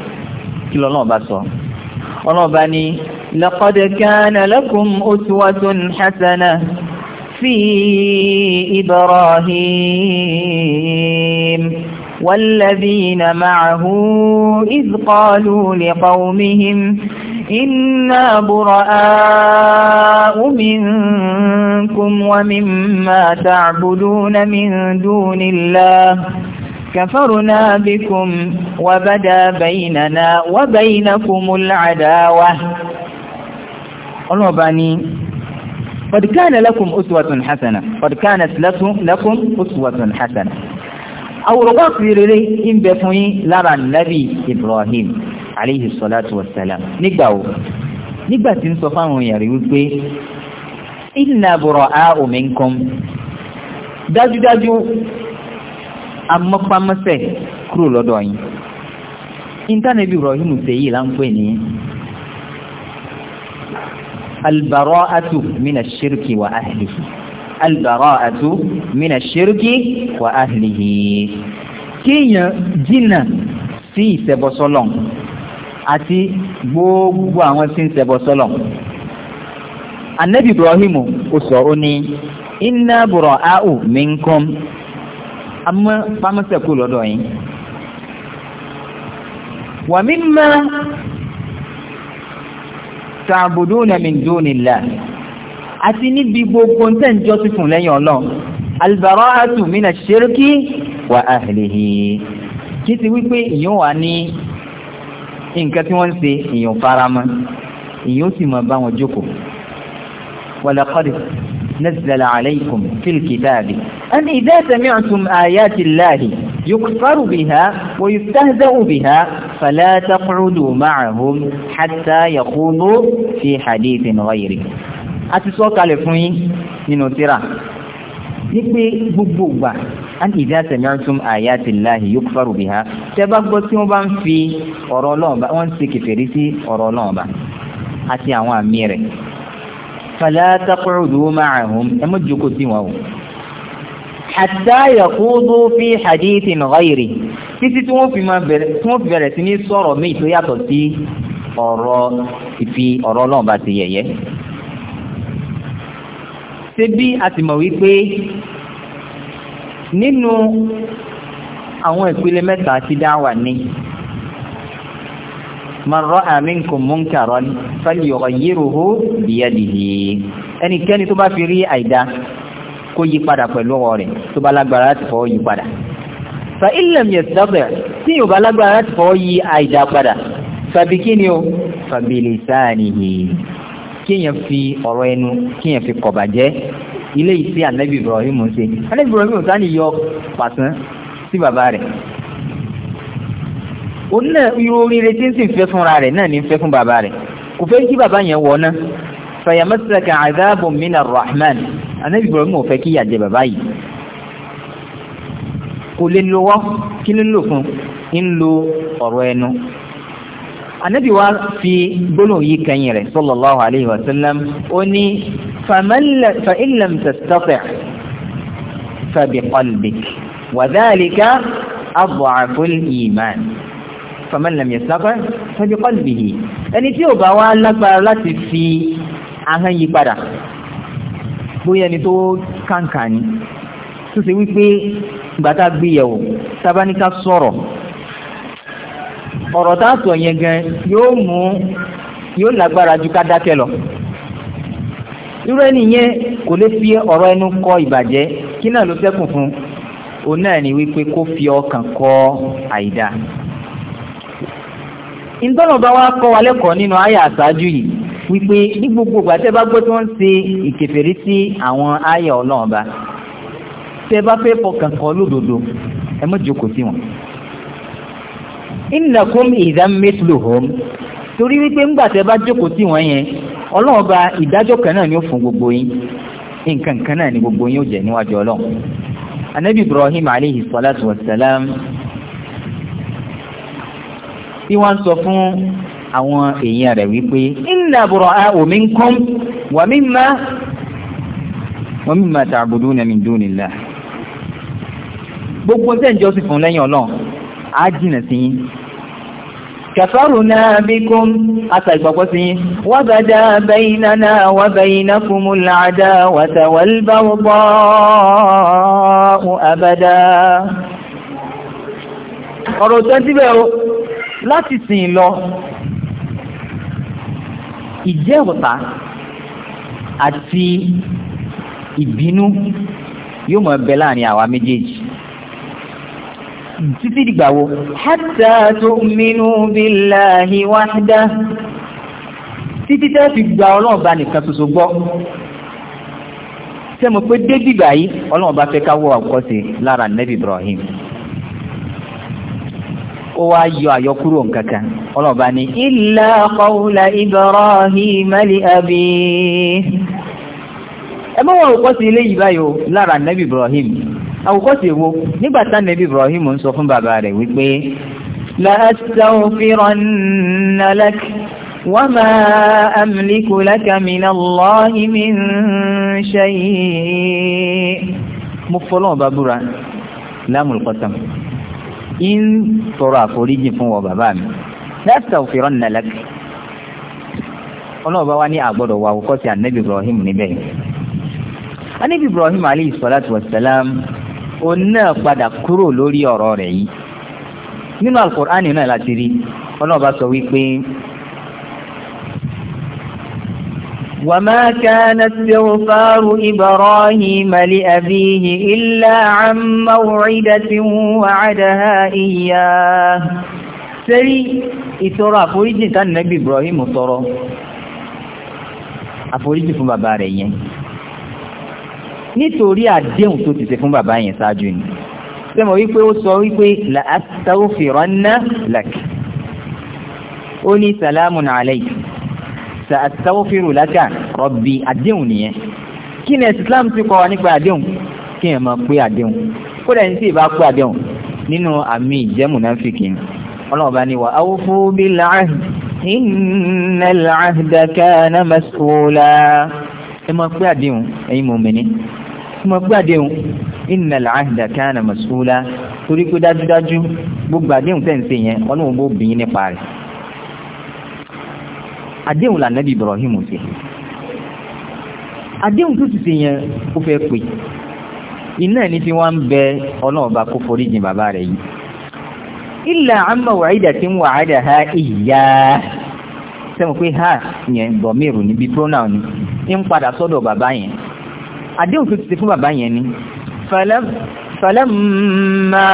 kí lọ́lọ́run sọ ọlọ́run bá ní laqad kana lakum uswatun fi Ibrahim. والذين معه إذ قالوا لقومهم إنا براء منكم ومما تعبدون من دون الله كفرنا بكم وبدا بيننا وبينكم العداوة ọlọ́ọ̀bá ni قد كان لكم أسوة حسنة قد كانت لكم أسوة حسنة àwòrán sì rere ń bẹ fún yín lára nàbì Ibrahim aleyhi salatu wa salam nígbà wo nígbà tí ń sọ fáwọn èèyàn rí wípé inna bura'a'u minkum dájúdájú amọ́pamọ́sẹ̀ kúrò lọ́dọ̀ yín intanẹ́bí Ibrahim sèyí là ń pè ní albara'atu mina shirki wa ahlihi albara'atu mina ṣirki wa ahlihi kéèyàn jìnnà sí ìṣẹbọsọlọ àti gbogbo àwọn tí ń ṣẹbọsọlọ anabi ibrahim ó sọ ó ní inna bura'u minkum àmọ́ pàmọ́sẹ̀kù lọ́dọ̀ yìí wa mimma ta'buduna min dunillah àti níbi gbogbo tẹ́ǹjọ́ sí fún lẹ́yìn ọlọ́run albara'atu mina shirki wa ahlihi kí ti wípé ìyẹn wà ní nǹkan tí wọ́n ń ṣe ìyẹn faramọ́ ìyẹn ó sì máa bá wọn jókòó walaqad nazzala alaykum fil kitabi an idha sami'tum ayati llahi يكفر بها ويستهزأ بها فلا تقعدوا معهم حتى يخوضوا في حديث غيره a ti sọ kalẹ̀ fún yín nínú tírà ní pé gbogbo ìgbà àti ìdí àtẹ̀mẹ́rẹ́tún àyàtì láàyè yóò fárò bí ha tẹ́ bá gbọ́ tí wọ́n bá ń fi ọ̀rọ̀ ọlọ́run bá wọ́n ń ṣe kẹfẹ́rí sí ọ̀rọ̀ ọlọ́run bá àti àwọn àmì rẹ̀ fàlẹ́ àtàkùrọ̀ òdòwó máa rẹ̀ hùn ẹ mọ́ jókòó sí wọn o. hatta yaqudu fi hadithin ghayri títí tí wọ́n fi máa bẹ̀rẹ̀ tí wọ́n fi bẹ̀rẹ̀ sí ní sọ̀rọ̀ míì tó yàtọ̀ sí ọ̀rọ̀ ìfi ọ̀rọ̀ ọlọ́run ti yẹ̀yẹ́ ṣe bí a ti mọ̀ wípé nínú àwọn ìpele mẹ́ta tí dáwà ní man ra'a minkum munkaran falyughayyiruhu biyadihi ẹnikẹ́ni tó bá fi rí àìdá kó yí padà pẹ̀lú ọwọ́ rẹ̀ tó bá lágbára láti fọwọ́ yí padà fa in lam yastati' tí yóò bá lágbára láti fọwọ́ yí àìdá padà fa bi kíni o fa bilisanihi kéèyàn fi ọ̀rọ̀ ẹnu kéèyàn fi kọ̀bàjẹ́ ilé yìí sí anabi ibrahim ń ṣe anabi ibrahim ò sáà ní yọ pàṣán sí bàbá rẹ̀ òun náà irú oríire tí ń sì fẹ́ fúnra rẹ̀ náà ní fẹ́ fún bàbá rẹ̀ kò fẹ́ kí bàbá yẹn wọ̀ náà fayamasaka adabun mina rahman anabi ibrahim ò fẹ́ kí yà jẹ bàbá yìí kò lè lọ́wọ́ kí ló ń lò fún ń lo ọ̀rọ̀ ẹnu anabi wa fi gbólóhùn yìí kẹyìn rẹ̀ sallallahu alayhi wa sallam ó ní fa in lam tastati' fa bi qalbik wa dhalika ad'afu al-iman faman lam yastati' fa bi qalbihi ẹni tí ò bá wá lágbára láti fi ahọ́n yí padà bóyá ẹni tó kàǹkà tó ṣe wípé gbàtà gbéyẹ̀wò tábánikà sọ̀rọ̀ ọ̀rọ̀ tá a sọ yẹn gan yóò mú yóò lágbára ju ká dákẹ́ lọ irú ẹni yẹn kò lè fi ọ̀rọ̀ ẹnu kọ ìbàjẹ́ kí náà ló ṣẹ́kùn fún òun náà ni wípé kó fi ọkàn kọ àìdá ìtọ́nàbá wa kọ́ wa lẹ́kọ̀ọ́ nínú àyà àṣáájú yìí wípé ní gbogbo ìgbà tẹ́ bá gbọ́ tí wọ́n ń ṣe ìkèfèrí sí àwọn àyà ọlọ́ọ̀ba tẹ́ bá fẹ́ fọkàn kọ lódodo ẹ má sí wọn innakum idhan mithluhum torí wípé ńgbà tẹ́ bá jókòó tí wọ́n yẹn ọlọ́run ba ìdájọ́ kan náà ni ó fún gbogbo yín nǹkan kan náà ni gbogbo yín ó jẹ níwájú ọlọ́run anabi ibrahim aleyhi salatu wa salam tí wọ́n sọ fún àwọn èèyàn rẹ̀ wípé inna bura'u minkum wa mimma wa mimma ta'buduna min dunillah gbogbo tẹ́ ń jọ́sìn fún lẹ́yìn ọlọ́run á jìnà sí yín kẹfàrù náà bí kún àtà ìgbàgbọ́ sí yín wọ́n bá dá bẹ́yìnà náà wọ́n bẹ́yìnà fún mú láàdá wàtà ìbínú yóò mọ̀ ẹ̀bẹ̀ láàrin àwa méjèèjì títí dìgbà wo hatta tu'minu billahi wahda títí tẹ́ fi gba ọlọ́run bá nìkan ṣoṣo gbọ́ ṣé mo pé dédìgbà yìí ọlọ́run bá fẹ́ ká wọ àwòkọ́ṣe lára nẹ́bí Ibrahim ó wá yọ àyọkúrò nǹkankan ọlọ́run bá ní illa qawla Ibrahim li abi ẹ mọ́ wọn àwòkọ́ṣe ilé yìí báyìí o lára nẹ́bí Ibrahim àkókò sì wo nígbà tá nàbí Ibrahim ń sọ fún bàbá rẹ̀ wípé la astaghfiranna lak wa ma amliku laka minallahi min shay' mo fọlọ́n bá búra lámùl qasam ń tọrọ àforíjì fún wọn bàbá mi la astaghfiranna lak ọlọ́ọ̀bá wa ní àgbọ̀dọ̀ wa àwòkọ́sí ànábì Ibrahim níbẹ̀ ànábì Ibrahim alayhi salatu wa salam òun náà padà kúrò lórí ọ̀rọ̀ rẹ̀ yìí nínú alukur'ani náà láti rí ọlọ́run bá sọ wípé. وما كان استغفار إبراهيم لأبيه إلا عن موعدة وعدها إياه سري ìtọrọ àforíjì tán Nábì Ibrahim tọrọ àforíjì fún bàbá rẹ̀ yẹn nítorí àdéhùn tó ti ṣe fún bàbá yẹn ṣáájú ni ṣé mo wípé ó sọ wípé la astaghfiranna lak ó ní salamun alayka sa astaghfiru laka rabbi àdéhùn nìyẹn kí ni islam ti kọ́ wa nípa àdéhùn kí ẹ máa pé àdéhùn kódà ní tí ì bá pé àdéhùn nínú àmì ìjẹ́mù náà fi kìíní ọlọ́run bá ní wa awfu bil ahd innal ahda kana mas'ula ẹ máa pé àdéhùn ẹ̀yin mọ̀mìnì súnmọ́ gbàdéhùn innal ahda kana mas'ula torí pé dájúdájú gbogbo àdéhùn tẹ̀ ń ṣe yẹn bó bìí nípa rẹ̀ àdéhùn là nàbí Ibrahim ṣe àdéhùn tó ti yẹn ó fẹ́ pè iná ẹni tí wọ́n ń bẹ ọlọ́run kó forí jìn bàbá rẹ̀ yìí sẹ́wọ̀n pé ha yẹn níbi pronoun ń padà sọ́dọ̀ bàbá àdéhùn tó ti ṣe fún bàbá yẹn ni falamma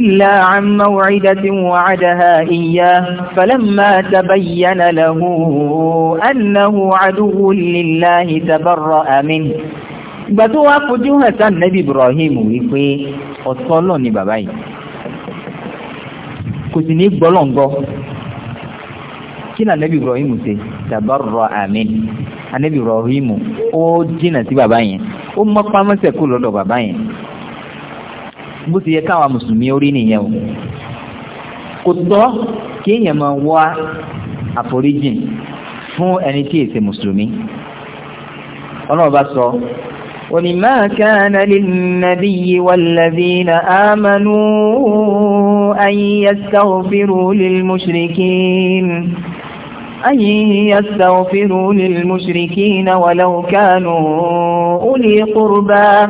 إلا عن موعدة وعدها إياه فلما تبين له أنه عدو لله تبرأ منه ìgbà tó wá fojú hàn sáà nẹ́bí Ibrahim wípé ọ̀tọ̀ ni bàbá yìí kò sì ní gbọ́lọ́ǹgọ́ kí nà nẹ́bí Ibrahim ṣe tabarra amin anabi Ibrahim ó jìnnà sí bàbá yẹn ó mọ́ pamọ́sẹ̀ kú lọ́dọ̀ bàbá yẹn bó ti yẹ káwa mùsùlùmí orí nìyẹn o kò tọ́ kí èèyàn máa wá àforíjìn fún ẹni tí èsè mùsùlùmí ọlọ́run bá sọ òní máa kana linnabiyyi walladhina amanu an yastaghfiru lil mushrikin. أن يستغفروا للمشركين ولو كانوا أولي قربا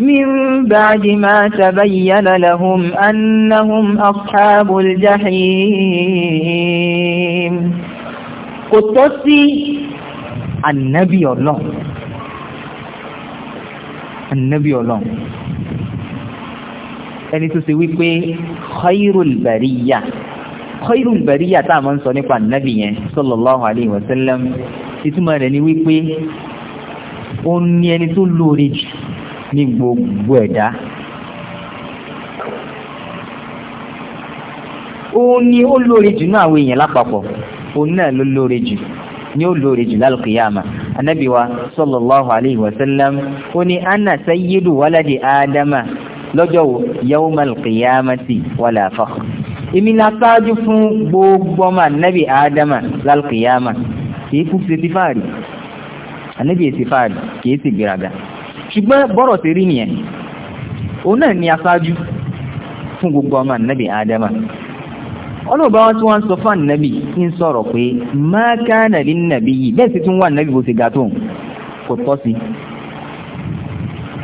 من بعد ما تبين لهم أنهم أصحاب الجحيم kò النبي الله النبي الله ànábì ọlọ́run ẹni tó ṣe khairul bariya tá a máa ń sọ nípa nàbì yẹn sallallahu alayhi wa sallam ìtumọ̀ rẹ̀ ni wípé ó ní ẹni tó lóore jù ní gbogbo ẹ̀dá ó ní ó lóore jù ní àwọn èèyàn lápapọ̀ òun náà ló lóore jù ni ó lóore jù lálùkìyàmà anábì sallallahu alayhi wa sallam ní anna sayyidu waladi adama lọ́jọ́ wo yawmal wala fakhr Imina la sáájú fún gbogbo ọmọ ànábì ádámà lálùkìyàmà kìí kú ṣe ti fáàrí ànábì èsì fáàrí kìí sì gbéraga ṣùgbọ́n bọ́rọ̀ ti rí nìyẹn òun náà ni aṣáájú fún gbogbo ọmọ nabi ádámà ọlọ́ọ̀bá wọn tí wọ́n ń sọ fún ànábì ń sọ̀rọ̀ pé máa káànà lé nàbí yìí bẹ́ẹ̀ sì tún wà ànábì bó ti ga tó kò tọ́ sí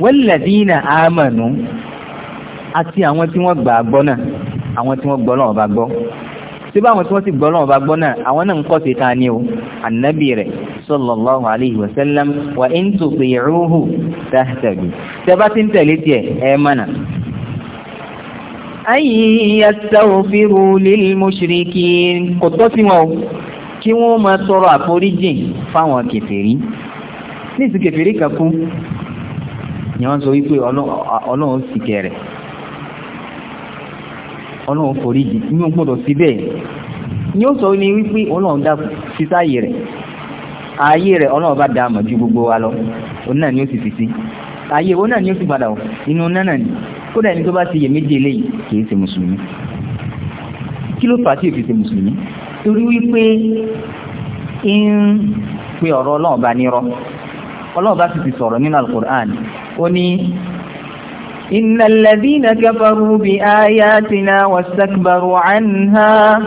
walladhina amanu àti àwọn tí wọ́n gbà gbọ́ náà àwọn tí wọ́n gbọ́ lọ́wọ́ bá gbọ́ tí báwọn tí wọ́n ti gbọ́ lọ́wọ́ bá gbọ́ náà àwọn náà ń kọ́ sí ta o ànábì rẹ̀ sallallahu alayhi wa sallam wa in tuti'uhu tahtadu tẹ bá ti ń tẹ̀lé tiẹ̀ ẹ mọ̀nà. an yastaghfiru lil mushrikin kò tọ́ sí wọn o kí wọ́n máa tọrọ àforíjìn fáwọn kèfèrí ní ìsìnkèfèrí kan kú ni wọ́n sọ wípé ọlọ́run sì kẹrẹ̀ ọlọ́run forí jì ní o gbọ́dọ̀ sí bẹ́ẹ̀ ni ó sọ ní wípé ọlọ́run dá sísáyè rẹ̀ ààyè rẹ̀ ọlọ́run bá dá àmọ̀ ju gbogbo wa lọ òun náà ni ó sì fi sí ààyè òun náà ni ó sì padà inú náà ni kódà ẹni tó bá ti yè méjì eléyìí kì í ṣe mùsùlùmí kí ló fà á tí ò fi ṣe mùsùlùmí torí wípé ń pe ọ̀rọ̀ ọlọ́run bá nírọ́ ọlọ́run bá sì ti sọ̀rọ̀ nínú alukur'an ó ní إن الذين كفروا بآياتنا واستكبروا عنها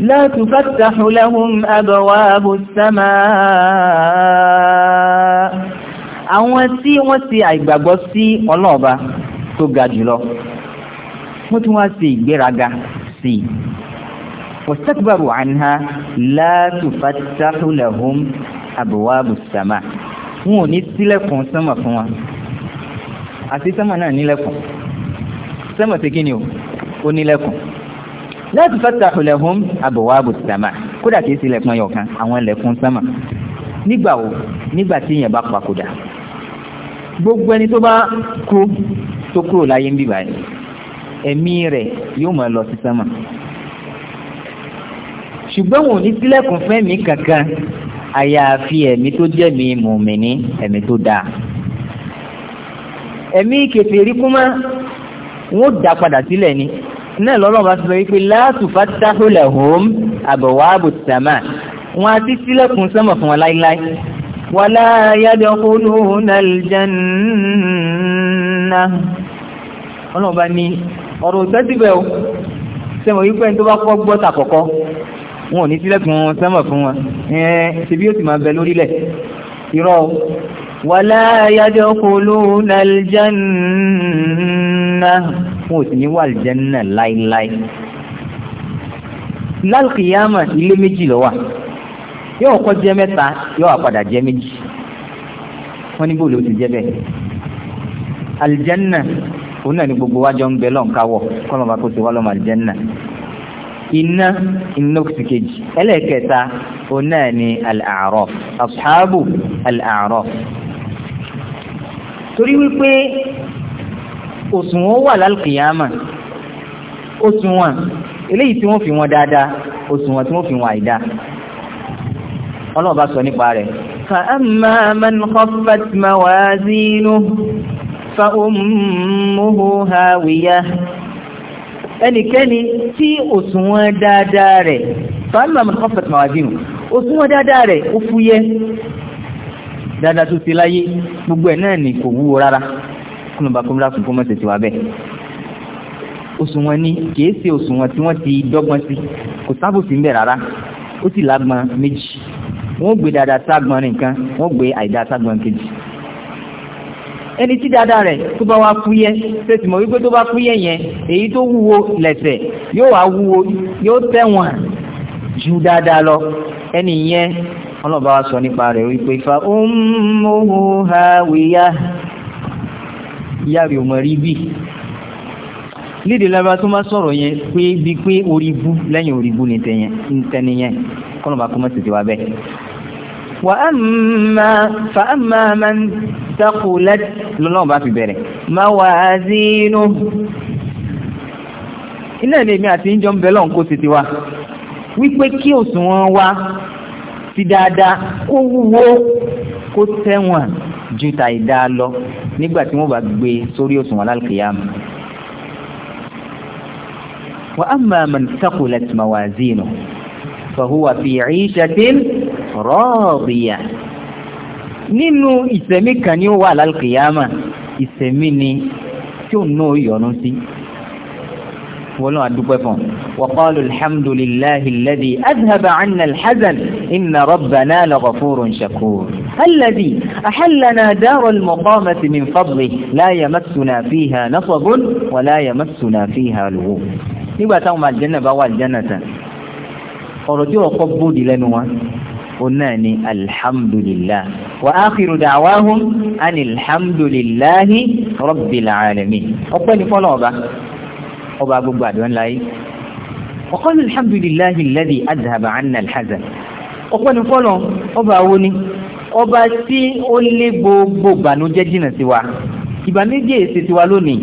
لا تفتح لهم أبواب السماء àwọn tí wọ́n ti àìgbàgbọ́ sí ọlọ́ọ̀ba tó ga jùlọ wọ́n tún wá sí ìgbéraga sí i wọ́sẹ̀kùbàrù àná látùfàtàhùlẹ̀hùn àbúwá bùsàmà wọn ò ní sílẹ̀kùn sánmà fún wa àti sẹ́mà náà nílẹ̀kùn sẹ́mà ti kí ni o ó nílẹ̀kùn la tufattahu lahum abwabu as-sama kódà kìí sí ilẹ̀kùn ọ̀yọ̀kan àwọn ilẹ̀kùn sẹ́mà nígbà wo nígbà tí èèyàn bá papòdà gbogbo ẹni tó bá kú tó kúrò láyé ń bíbá yìí ẹ̀mí rẹ̀ yóò máa lọ sí sẹ́mà ṣùgbọ́n wọn ní sílẹ̀kùn fẹ́mi kankan àyàfi ẹ̀mí tó jẹ́mi mùmìnì ẹ̀mí tó dáa ẹ̀mí kèfèrí kúmá wọ́n dá padà sílẹ̀ ni náà lọ́rọ̀ bá sọ wípé látùfà táhùlẹ̀ hóm àbọ̀wá àbòtìsàmà wọn àti sílẹ̀kùn sọ́mọ̀ fún wọn láíláí wà láyádẹ́ ọkùnrin aljanna ọlọ́run bá ní ọ̀rọ̀ òtẹ́síbẹ̀ o sẹ́mọ̀ wípé tó bá kọ́ gbọ́ta kọ̀kọ́ wọn ò ní sílẹ̀kùn sọ́mọ̀ fún wọn ẹ̀ẹ́ ṣe bí ó sì máa bẹ lórílẹ̀ irọ́ ولا يدخلون الجنة فوتني والجنة لاي لاي lálùkìyàmà ilé méjì ló wà yóò kọ́ jẹ́ mẹ́ta yóò àpàdà jẹ́ méjì wọ́n ní bóòlù ó ti jẹ́ bẹ́ẹ̀ alìjẹ́nà òun náà ni gbogbo wájọ ń bẹ lọ́nkàwọ̀ kọ́lọ́mà kó ti wá lọ́mọ alìjẹ́nà iná iná sì kejì ẹlẹ́ẹ̀kẹta òun náà ni al-A'raf ashabu torí wípé òṣùwọ̀n wà lálùkìyàmà òṣùwọ̀n eléyìí tí wọ́n fi wọn dáadáa òṣùwọ̀n tí wọ́n fi wọn àìdá ọlọ́run bá sọ nípa rẹ̀. fa'amma man khaffat mawazinuhu fa ummuhu hawiya ẹnikẹ́ni tí òṣùwọ̀n dáadáa rẹ̀ fa'amma man khaffat mawazinuhu òṣùwọ̀n dáadáa rẹ̀ ó fúyẹ́ dáadáa tó ṣe láyé gbogbo ẹ̀ náà ní kò wúwo rárá kí bá kó fún mọ́tẹ̀ tí wà bẹ́ẹ̀. òṣùwọ̀n ni kìí ṣe òṣùwọ̀n tí wọ́n ti dọ́gbọ́n sí kò sábòsí ń bẹ̀ rárá ó sì lágbọn méjì wọ́n gbé dáadáa ságbọn nìkan wọ́n gbé àìdáa ságbọn kejì. ẹni tí dáadáa rẹ̀ tó bá wá fúyẹ́ ṣèṣì mọ̀ wípé tó bá fúyẹ́ yẹn èyí tó wúwo lẹ̀sẹ̀ yóò wá wúwo yóò tẹ̀wọ̀n ju dáadáa lọ ẹni yẹn ọlọ́ba wa sọ nípa rẹ̀ wípé fa ummuhu hawiya yàrá òmò rí bì lídìí lábá tó máa sọ̀rọ̀ yẹn pé bíi pé orí bú lẹ́yìn orí bú ní tẹ́ni yẹn kọ́nà bá kọ́ mọ́ tètè wá bẹ́ẹ̀. وأما فأما من ثقلت لولو بقى في بره موازينه إن لم يأتي جنب لون كوسي wípé kí òṣùwọ̀n wa ti dáadáa kó wúwo kó tẹ̀wọ̀n ju tàìdá lọ nígbà tí wọ́n bá gbé sórí òṣùwọ̀n lálùkìyàmù. wa amma man thaqulat mawazinuhu fahuwa fi 'ishatin radiyah nínú ìsẹ̀mí kan ni ó wà lálùkìyàmù ìsẹ̀mí ni tí òun náà yọ́nú sí. Si wọ́n àdúpẹ́ fún wọ́kọ́lù alhamdulillahi lẹ́dí azhaba anna alhazan inna rabbana lọ́gọ̀fúrun shakur alladhi ahallana daral maqamati min fadli la yamassuna fiha nasabun wa la yamassuna fiha lughub nígbà táwọn aljanna bá wà aljanna tán ọ̀rọ̀ tí ọkọ̀ bóòdì lẹ́nu wa onani alhamdulillah wa akhiru da'wahum anilhamdulillahi rabbil alamin ọpẹ́ ni fọ́lọ́ọ̀bá ọba gbogbo àdán láyé ọkọlù alhamdulillahi alladhi azhaba anna alhazan ọpẹ́ ní fọ́lọ́ ọba wo ni ọba tí ó lé gbogbo ìbànújẹ́ jìnnà sí wa ìbànújẹ́ èsì tiwa lónìí.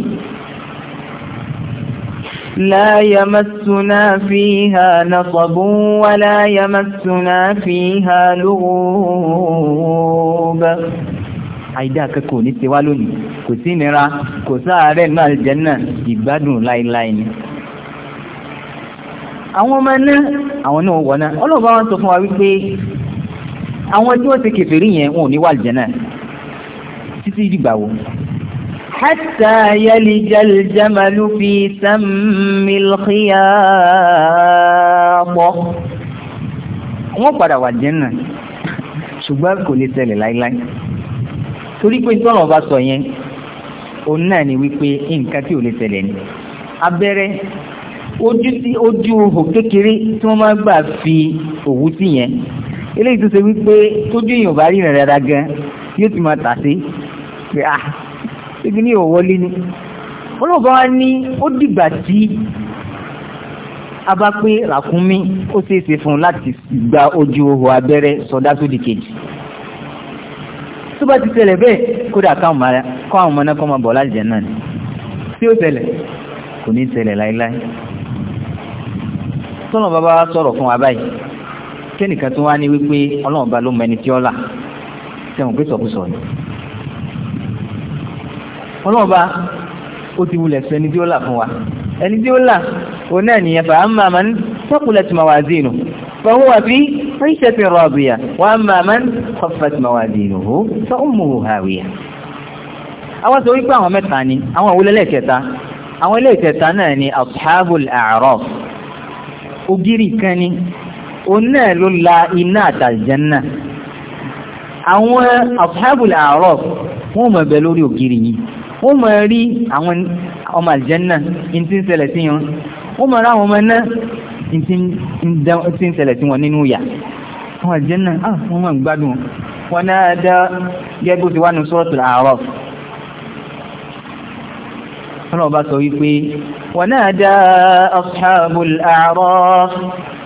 لا يمسنا فيها نصب ولا يمسنا فيها لغوب àìdá akẹ́kọ̀ọ́ ní tiwa lónìí kò sí ìnira kò sáàárẹ̀ náà jẹ́ náà ìgbádùn láíláí ni àwọn ọmọ ẹná àwọn náà wọ̀ náà ọlọ́ọ̀bá wọn sọ fún wa wípé àwọn tí wọ́n ti kèfèrí yẹn wọn ò ní wà lìjẹ́ náà títí dìgbà wo. hatta yalija aljamalu fi sammi alkhiyat wọ́n padà wà lìjẹ́ náà ṣùgbọ́n kò lè ṣẹlẹ̀ láíláí torí pé tọ́lọ̀ ọba sọ yẹn òun náà ni wípé nǹkan tí ò lè tẹ̀lẹ̀ ni abẹ́rẹ́ ojú tí ojú ihò kékeré tí wọ́n máa gbà fi òwú sí yẹn eléyìí tó ṣe wípé tójú èèyàn bá rí ìrìn gan yóò ti máa tà sí pé ah ibi ní ìwọ̀wọ́lé ni wọ́n lọ́ọ́ bá wá ní ó dìgbà tí a bá pé ràkúnmí ó ṣeé ṣe fún un láti gba ojú ihò abẹ́rẹ́ sọdá sódì kejì tó bá ti ṣẹlẹ̀ bẹ́ẹ̀ kódà káwọn ọmọ náà kọ́ máa bọ̀ láti jẹ náà ni tí ó ṣẹlẹ̀ kò ní ṣẹlẹ̀ láíláí tọ́nà bàbá wa sọ̀rọ̀ fún wa báyìí kẹ́nìkan tó wá ní wípé ọlọ́run ló mọ tí ó là sẹ́wọ̀n pé sọ̀kúsọ ni ọlọ́run bá ó ti wulẹ̀ sọ ẹni tí ó là fún wa ẹni tí ó là òun náà nìyẹn fa amma man saqulat mawazinu فهو في عيشة راضية وأما من خفت موازينه فأمه هاوية àwọn sọ wípé àwọn mẹ́ta ni àwọn òwúlẹ̀ lẹ́ẹ̀kẹta àwọn ẹlẹ́ẹ̀kẹta náà ni ashabul a'raf ògiri kan ni òun náà ló la iná àtàlìjẹ́nà àwọn ashabul a'raf wọ́n mọ̀ ẹ̀bẹ̀ lórí ògiri yìí wọ́n mọ̀ rí àwọn ọmọ àlìjẹ́nà ní ti ń ṣẹlẹ̀ sí wọn ó mọ̀ ra àwọn ọmọ náà ní ti ń ṣẹlẹ̀ sí wọn nínú ìyà ọmọ àlìjẹ́nà ah, wọ́n mọ̀ gbádùn wọn náà dá gẹ́gẹ́ bó ti wá ní suratul A'raf ọlọ́ọ̀bá sọ wípé wọn náà dá ashabul A'raf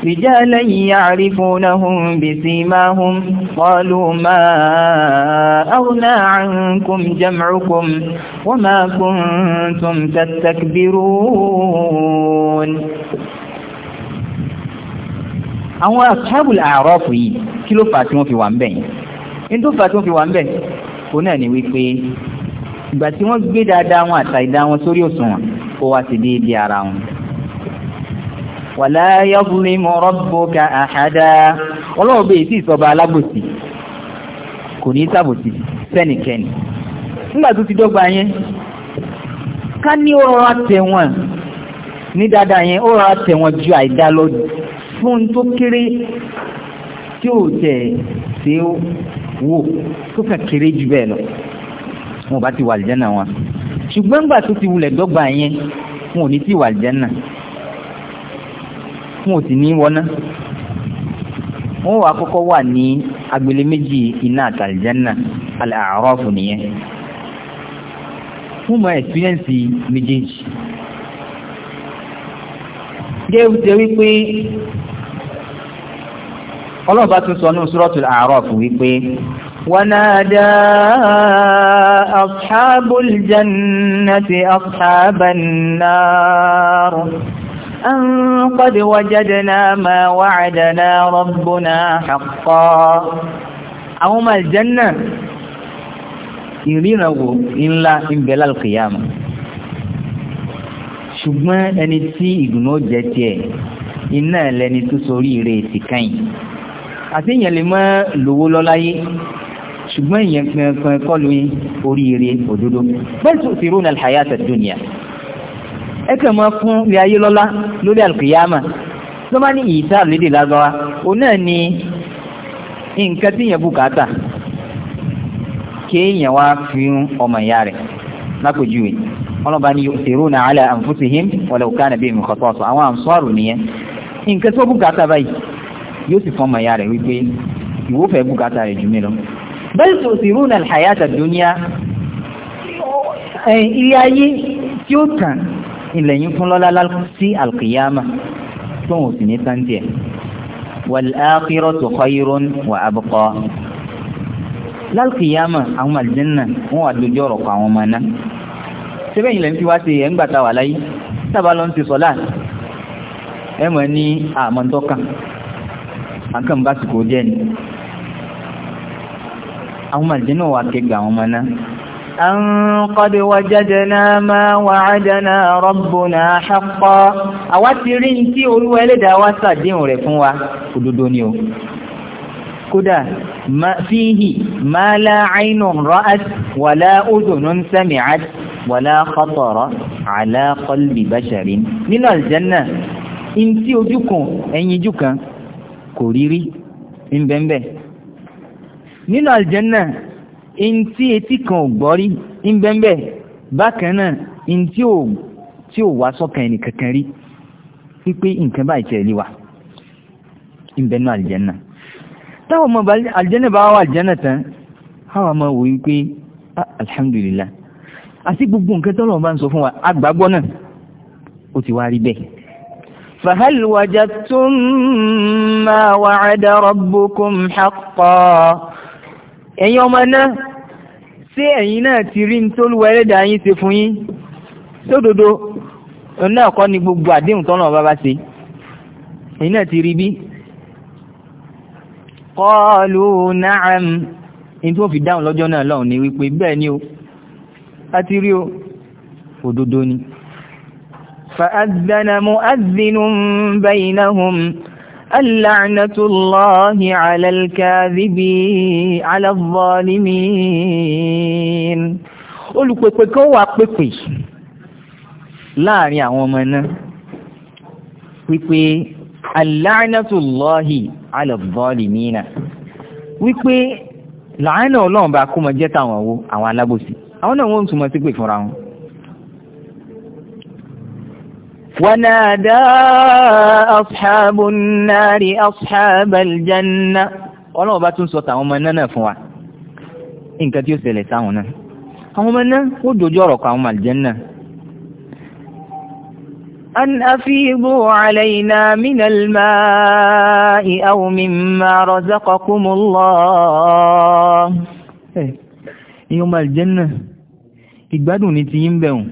رجالا يعرفونهم بسيماهم قالوا ما أغنى عنكم جمعكم وما كنتم تستكبرون àwọn ashabul a'raf yìí kí ló fà tí wọ́n fi wà ń bẹ̀ yìí tó fà tí wọ́n fi wà ń bẹ̀ òun náà ni wípé ìgbà tí wọ́n gbé dáadáa wọn àtàìdá wọn sórí òṣùwọ̀n ó wá sí déédéé ara wọn wàlá yọ́bùnmi mọ́ rọ́bùkà àhádá ọlọ́run bèè tí ìsọba alábòsí kò ní sàbòsí sẹ́nìkẹ́ni nígbà tó ti dọ́gba yẹn ká ní ó rọra tẹ̀wọ̀n ní dáadáa yẹn ó rọra tẹ̀wọ̀n ju àìdá lọ fún tó kéré tí ó tẹ̀ sí wò tó fẹ́ kéré jù bẹ́ẹ̀ lọ wọn bá ti wà lìjẹ́ náà wọn ṣùgbọ́n nígbà tó ti wulẹ̀ dọ́gba yẹn wọn ò ní ti wà lìjẹ́ náà fún òsì ní wọná wọ́n wà kọ́kọ́ wà ní agbèlè méjì iná àtàlìjánà al-A'raf nìyẹn fún mọ́ ẹ̀sìpíẹ́ǹsì méjèèjì jẹ́ ìwúte wípé ọlọ́ọ̀bá tún sọ ní Suratul A'raf wípé ونادى أصحاب الجنة أصحاب النار أن قد وجدنا ما وعدنا ربنا حقا أو ما الجنة يرينه إلا إن بلا القيامة ṣùgbọ́n ẹni tí ìgbìmọ̀ jẹ́ tiẹ̀ iná lẹni tó sorí rẹ̀ sì káyìn àti ìyẹn lè mọ́ lówó lọ́láyé ṣùgbọ́n ìyẹn kankan kọ́ lóyún oríire òdodo bẹ́ẹ̀ tó ti rún alhayat ad ẹkẹ̀ mọ́ fún ilé ayé lọ́lá lórí àlùkìyàmà tó bá ní ìyíta lédè lágbára òun náà ni nǹkan tí yẹn bùkátà kéèyàn wá fi ọmọ ìyá rẹ̀ lápòjúwe ọlọ́ba ni yu'thiruna ala anfusihim walau kana bihim khasasa àwọn àǹsọ́rù nìyẹn nǹkan tó bùkátà báyìí yóò sì fọmọ ìyá rẹ̀ wípé ìwọ́fẹ́ bùkátà rẹ̀ jù mí lọ bal tu'thiruna al-hayata ad-dunya ilé ayé tí ó tàn ilẹ̀ yín fún lọ́lá sí alkiyama tó ń sì ní sáńtì ẹ̀ wal-akhiratu khayrun wa abqa lálùkìyàmà àwọn àlùjẹ́nà wọn wà lójú ọ̀rọ̀ kan àwọn ọmọ náà síbẹ̀ yìí lẹ́yìn tí wá sí ẹ̀ ń wà láyé sábà lọ́n ti sọ́lá ẹ mọ̀ ní àmọ́ntọ́kà àǹkà ń bá sìkò jẹ́ ni àwọn àlùjẹ́nà wà kẹgbà àwọn ọmọ náà أن قد وجدنا ما وعدنا ربنا حقا àwa ti rí ní tí Olúwa Ẹlẹ́dàá wa ṣàdéhùn rẹ̀ fún wa òdodo ni o kódà fíhì ما لا عين رأت ولا أذن سمعت ولا خطر على قلب بشر nínú àlùjánnà in tí ojú kan ẹ̀yìn ojú kan kò rí rí ń bẹ́ẹ̀ bẹ́ẹ̀ nínú àlùjánnà ntí etí kan ò gbọ́ rí ńbẹ́ńbẹ́ bákan náà ntí ò tí ò wá sọ́kàn ẹni kankan rí wípé nǹkan báyìí tiẹ̀ lé wa ńbẹ́nu àlìjẹ́nà táwọn ọmọ àlìjẹ́nà bá wà àlìjẹ́nà tán àwọn ọmọ wò wípé ah, alhamdulillah àti gbogbo nǹkan tọ́lọ̀ bá ń sọ fún wa agbàgbọ́ náà ó ti wá rí bẹ́ẹ̀. fahal wajadtum ma wa'ada rabbukum haqqan ẹ̀yin ọmọ náà ṣé ẹ̀yin náà ti rí nítorúwọ ẹlẹ́dàá yín ṣe fún yín sódodo náà kọ́ ni gbogbo àdéhùn tọ́nà bàbá ṣe ẹ̀yin náà ti rí bí. qalu na'am ní tí wọ́n fi dáhùn lọ́jọ́ náà lọ́hùn ní wípé bẹ́ẹ̀ ni o a ti rí o òdodo ni. fa'adhana mu'adhdhinun baynahum. اللعنة الله على الكاذبين على الظالمين olùpèpè kan wà pèpè láàrin àwọn ọmọ náà wípé aláàánátòlọ́hì alàbọ́ọ̀lìmínà wípé làánà ọlọ́run bá kó mọ jẹ́ tàwọn owó àwọn alábòsí àwọn náà wọ́n ń túmọ̀ sí pè fúnra wọn ونادى أصحاب النار أصحاب الجنة ọlọ́wọ́ bá tún sọ tàwọn ọmọ náà fún wa nǹkan tí ó ṣẹlẹ̀ sáwọn náà àwọn ọmọ náà ó dojú ọ̀rọ̀ kọ àwọn àlìjẹ́nà an afibu alayna minal ma'i aw mimma razaqakumullah ìyọ́mọ àlìjẹ́nà ìgbádùn ní ti yín bẹ̀rùn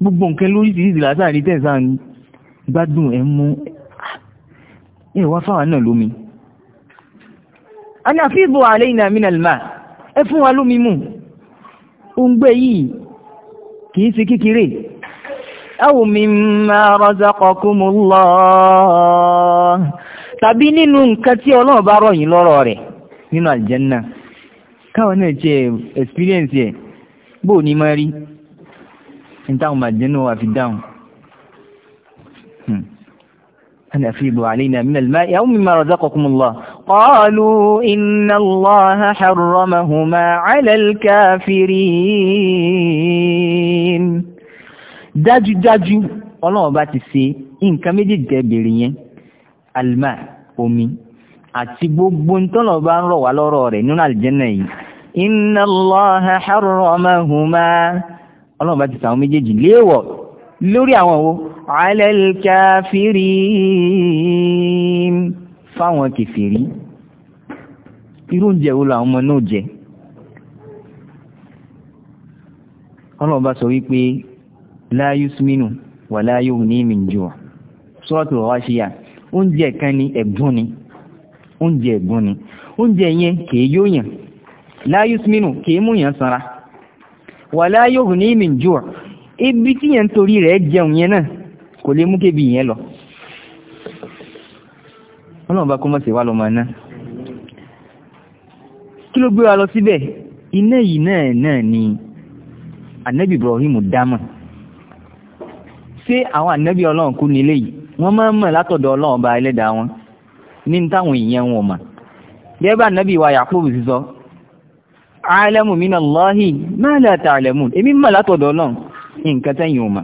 gbogbo nǹkan lóríṣiríṣi látàrí tẹ̀sán gbádùn ẹ̀ mú ẹ̀ wá fáwọn náà lómi. a ní àfihàn bò àlẹ́ ìnà mí nàlùmá ẹ fún wa lómi mú òǹgbẹ yìí kì í ṣe kékeré aw mimma razaqakumullah tàbí nínú nǹkan tí ọlọ́run bá rọ̀ lọ́rọ̀ rẹ̀ nínú àlìjẹ́nnà káwọn náà jẹ́ experience ẹ̀ bóò ní máa rí nítawọn màdínú wà fi dáhùn أن أفيضوا علينا من الماء أو مما رزقكم الله قالوا إن الله حرمهما على الكافرين dájú dájú ọlọ́run bá ti ṣe nǹkan méjèèjì tẹ́bẹ̀rẹ̀ yẹn alma omi àti gbogbo tọ́lọ̀ bá ń rọ̀ wá lọ́rọ̀ rẹ̀ nínú àlìjẹ́nà yìí inna Allaha harramahuma ọlọ́run bá ti sàwọn méjèèjì léèwọ̀ lórí àwọn wo alẹ́lẹ́kàfírí fáwọn kèfèrí irú oúnjẹ wo làwọn ọmọ náà jẹ ọlọ́run bá sọ wípé la yusminu wà la yughni min ju' suratul ghashiya oúnjẹ kan ni ẹ̀gbọ́n ni oúnjẹ ẹ̀gbọ́n ni oúnjẹ yẹn kèé yóò yàn la yusminu kèé mú yàn sanra wàlá yughni min ju' ibi tí yẹn torí rẹ̀ jẹun yẹn náà kò lè mú kébi yẹn lọ ọlọ́run bá kó mọ́ sí wá lọ́mọ náà kí ló gbé lọ síbẹ̀ iná yìí náà náà ni anabi Ibrahim dámọ̀ ṣé àwọn anabi ọlọ́run kú nílé yìí wọ́n máa ń mọ̀ látọ̀dọ̀ ọlọ́run bá ẹlẹ́dàá wọn ní táwọn èèyàn wọn mọ̀ gẹ́gẹ́ bá anabi wa Yakubu ti sọ alamu min Allahi ma la ma èmi mọ̀ látọ̀dọ̀ náà nǹkan tẹ́yìn òmà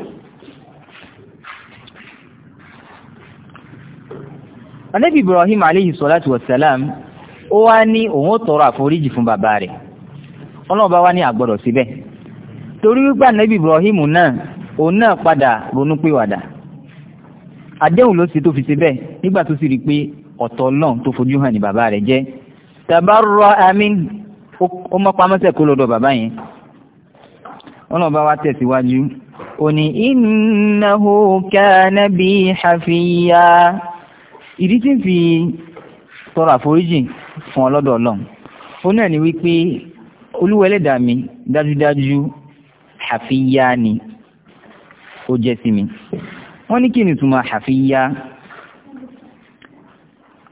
Ànábì Ibrahim alayhi salatu wassalam ó wa ní òun tọrọ àforíjì fún bàbá rẹ̀ Ọlọ́run bá wá ní àgbọ̀dọ̀ síbẹ̀ torí wípé Ànábì Ibrahim náà òun náà padà ronúpìwàdà àdéhùn ló sì tó fi síbẹ̀ nígbà tó sì rí i pé ọ̀tọ̀ Ọlọ́run tó fojú hàn ní bàbá rẹ̀ jẹ́ tabarra amin ó mọ́ pamọ́sẹ̀ kó lọ́dọ̀ bàbá yẹn wọ́n lọ bá wá tẹ̀síwájú ó ní innahu kana bi hafiya ìdí tí ń fi tọrọ àforíjì fún ọlọ́dọ̀ ọlọ́run ó náà ni wípé olúwẹ̀lẹ́dà mi dájúdájú hafiya ni ó jẹ́ sí mi wọ́n ní kí ni ìtumọ̀ hafiya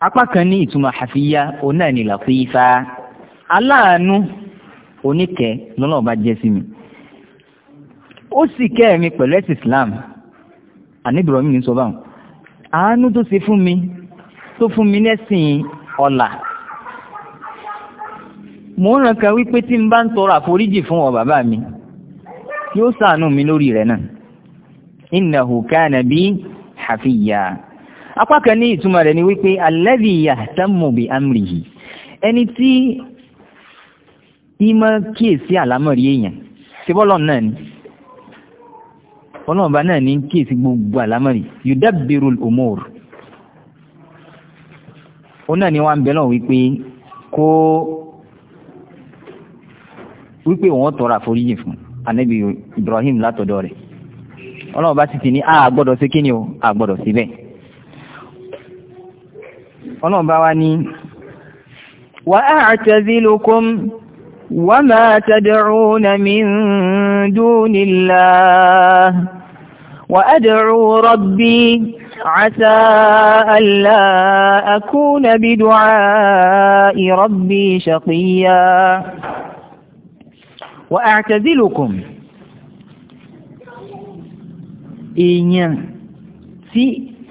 apá kan ní ìtumọ̀ hafiya ó náà ni làfífá aláàánú oníkẹ́ lọ́nà ọba jẹ́ sí mi ó sì kẹ́ mi pẹ̀lú ẹ̀sìn Islam àníbìrọ̀mí ní sọ báwọn àánú tó ṣe fún mi tó fún mi lẹ́sìn ọ̀la mò ń ràn kan wípé tí n bá ń tọrọ àforíjì fún ọ bàbá mi yóò ṣàánú mi lórí rẹ̀ náà innahu kana bi hafiya apá kan ní ìtumọ̀ rẹ̀ ni wípé alladhi yahtammu bi amrihi ẹni tí ìmọ̀ kíyèsí àlámọ̀rí èèyàn ṣe bọ́lọ̀ náà ni ọlọ́ọ̀bá náà ní kíyèsí gbogbo àlámọ̀rí yudabbirul umur ó náà ni wọ́n ń bẹ́lọ̀ wípé kó wípé wọ́n tọrọ àforíjì fún anabi Ibrahim látọ̀dọ̀ rẹ̀ ọlọ́ọ̀bá sì ti ní a gbọ́dọ̀ sí kíni o a gbọ́dọ̀ sí bẹ́ẹ̀ ọlọ́ọ̀bá wa ní wa a'tazilukum. وما تدعون من دون الله وأدعو ربي عسى ألا أكون بدعاء ربي شقيا وأعتزلكم èèyàn tí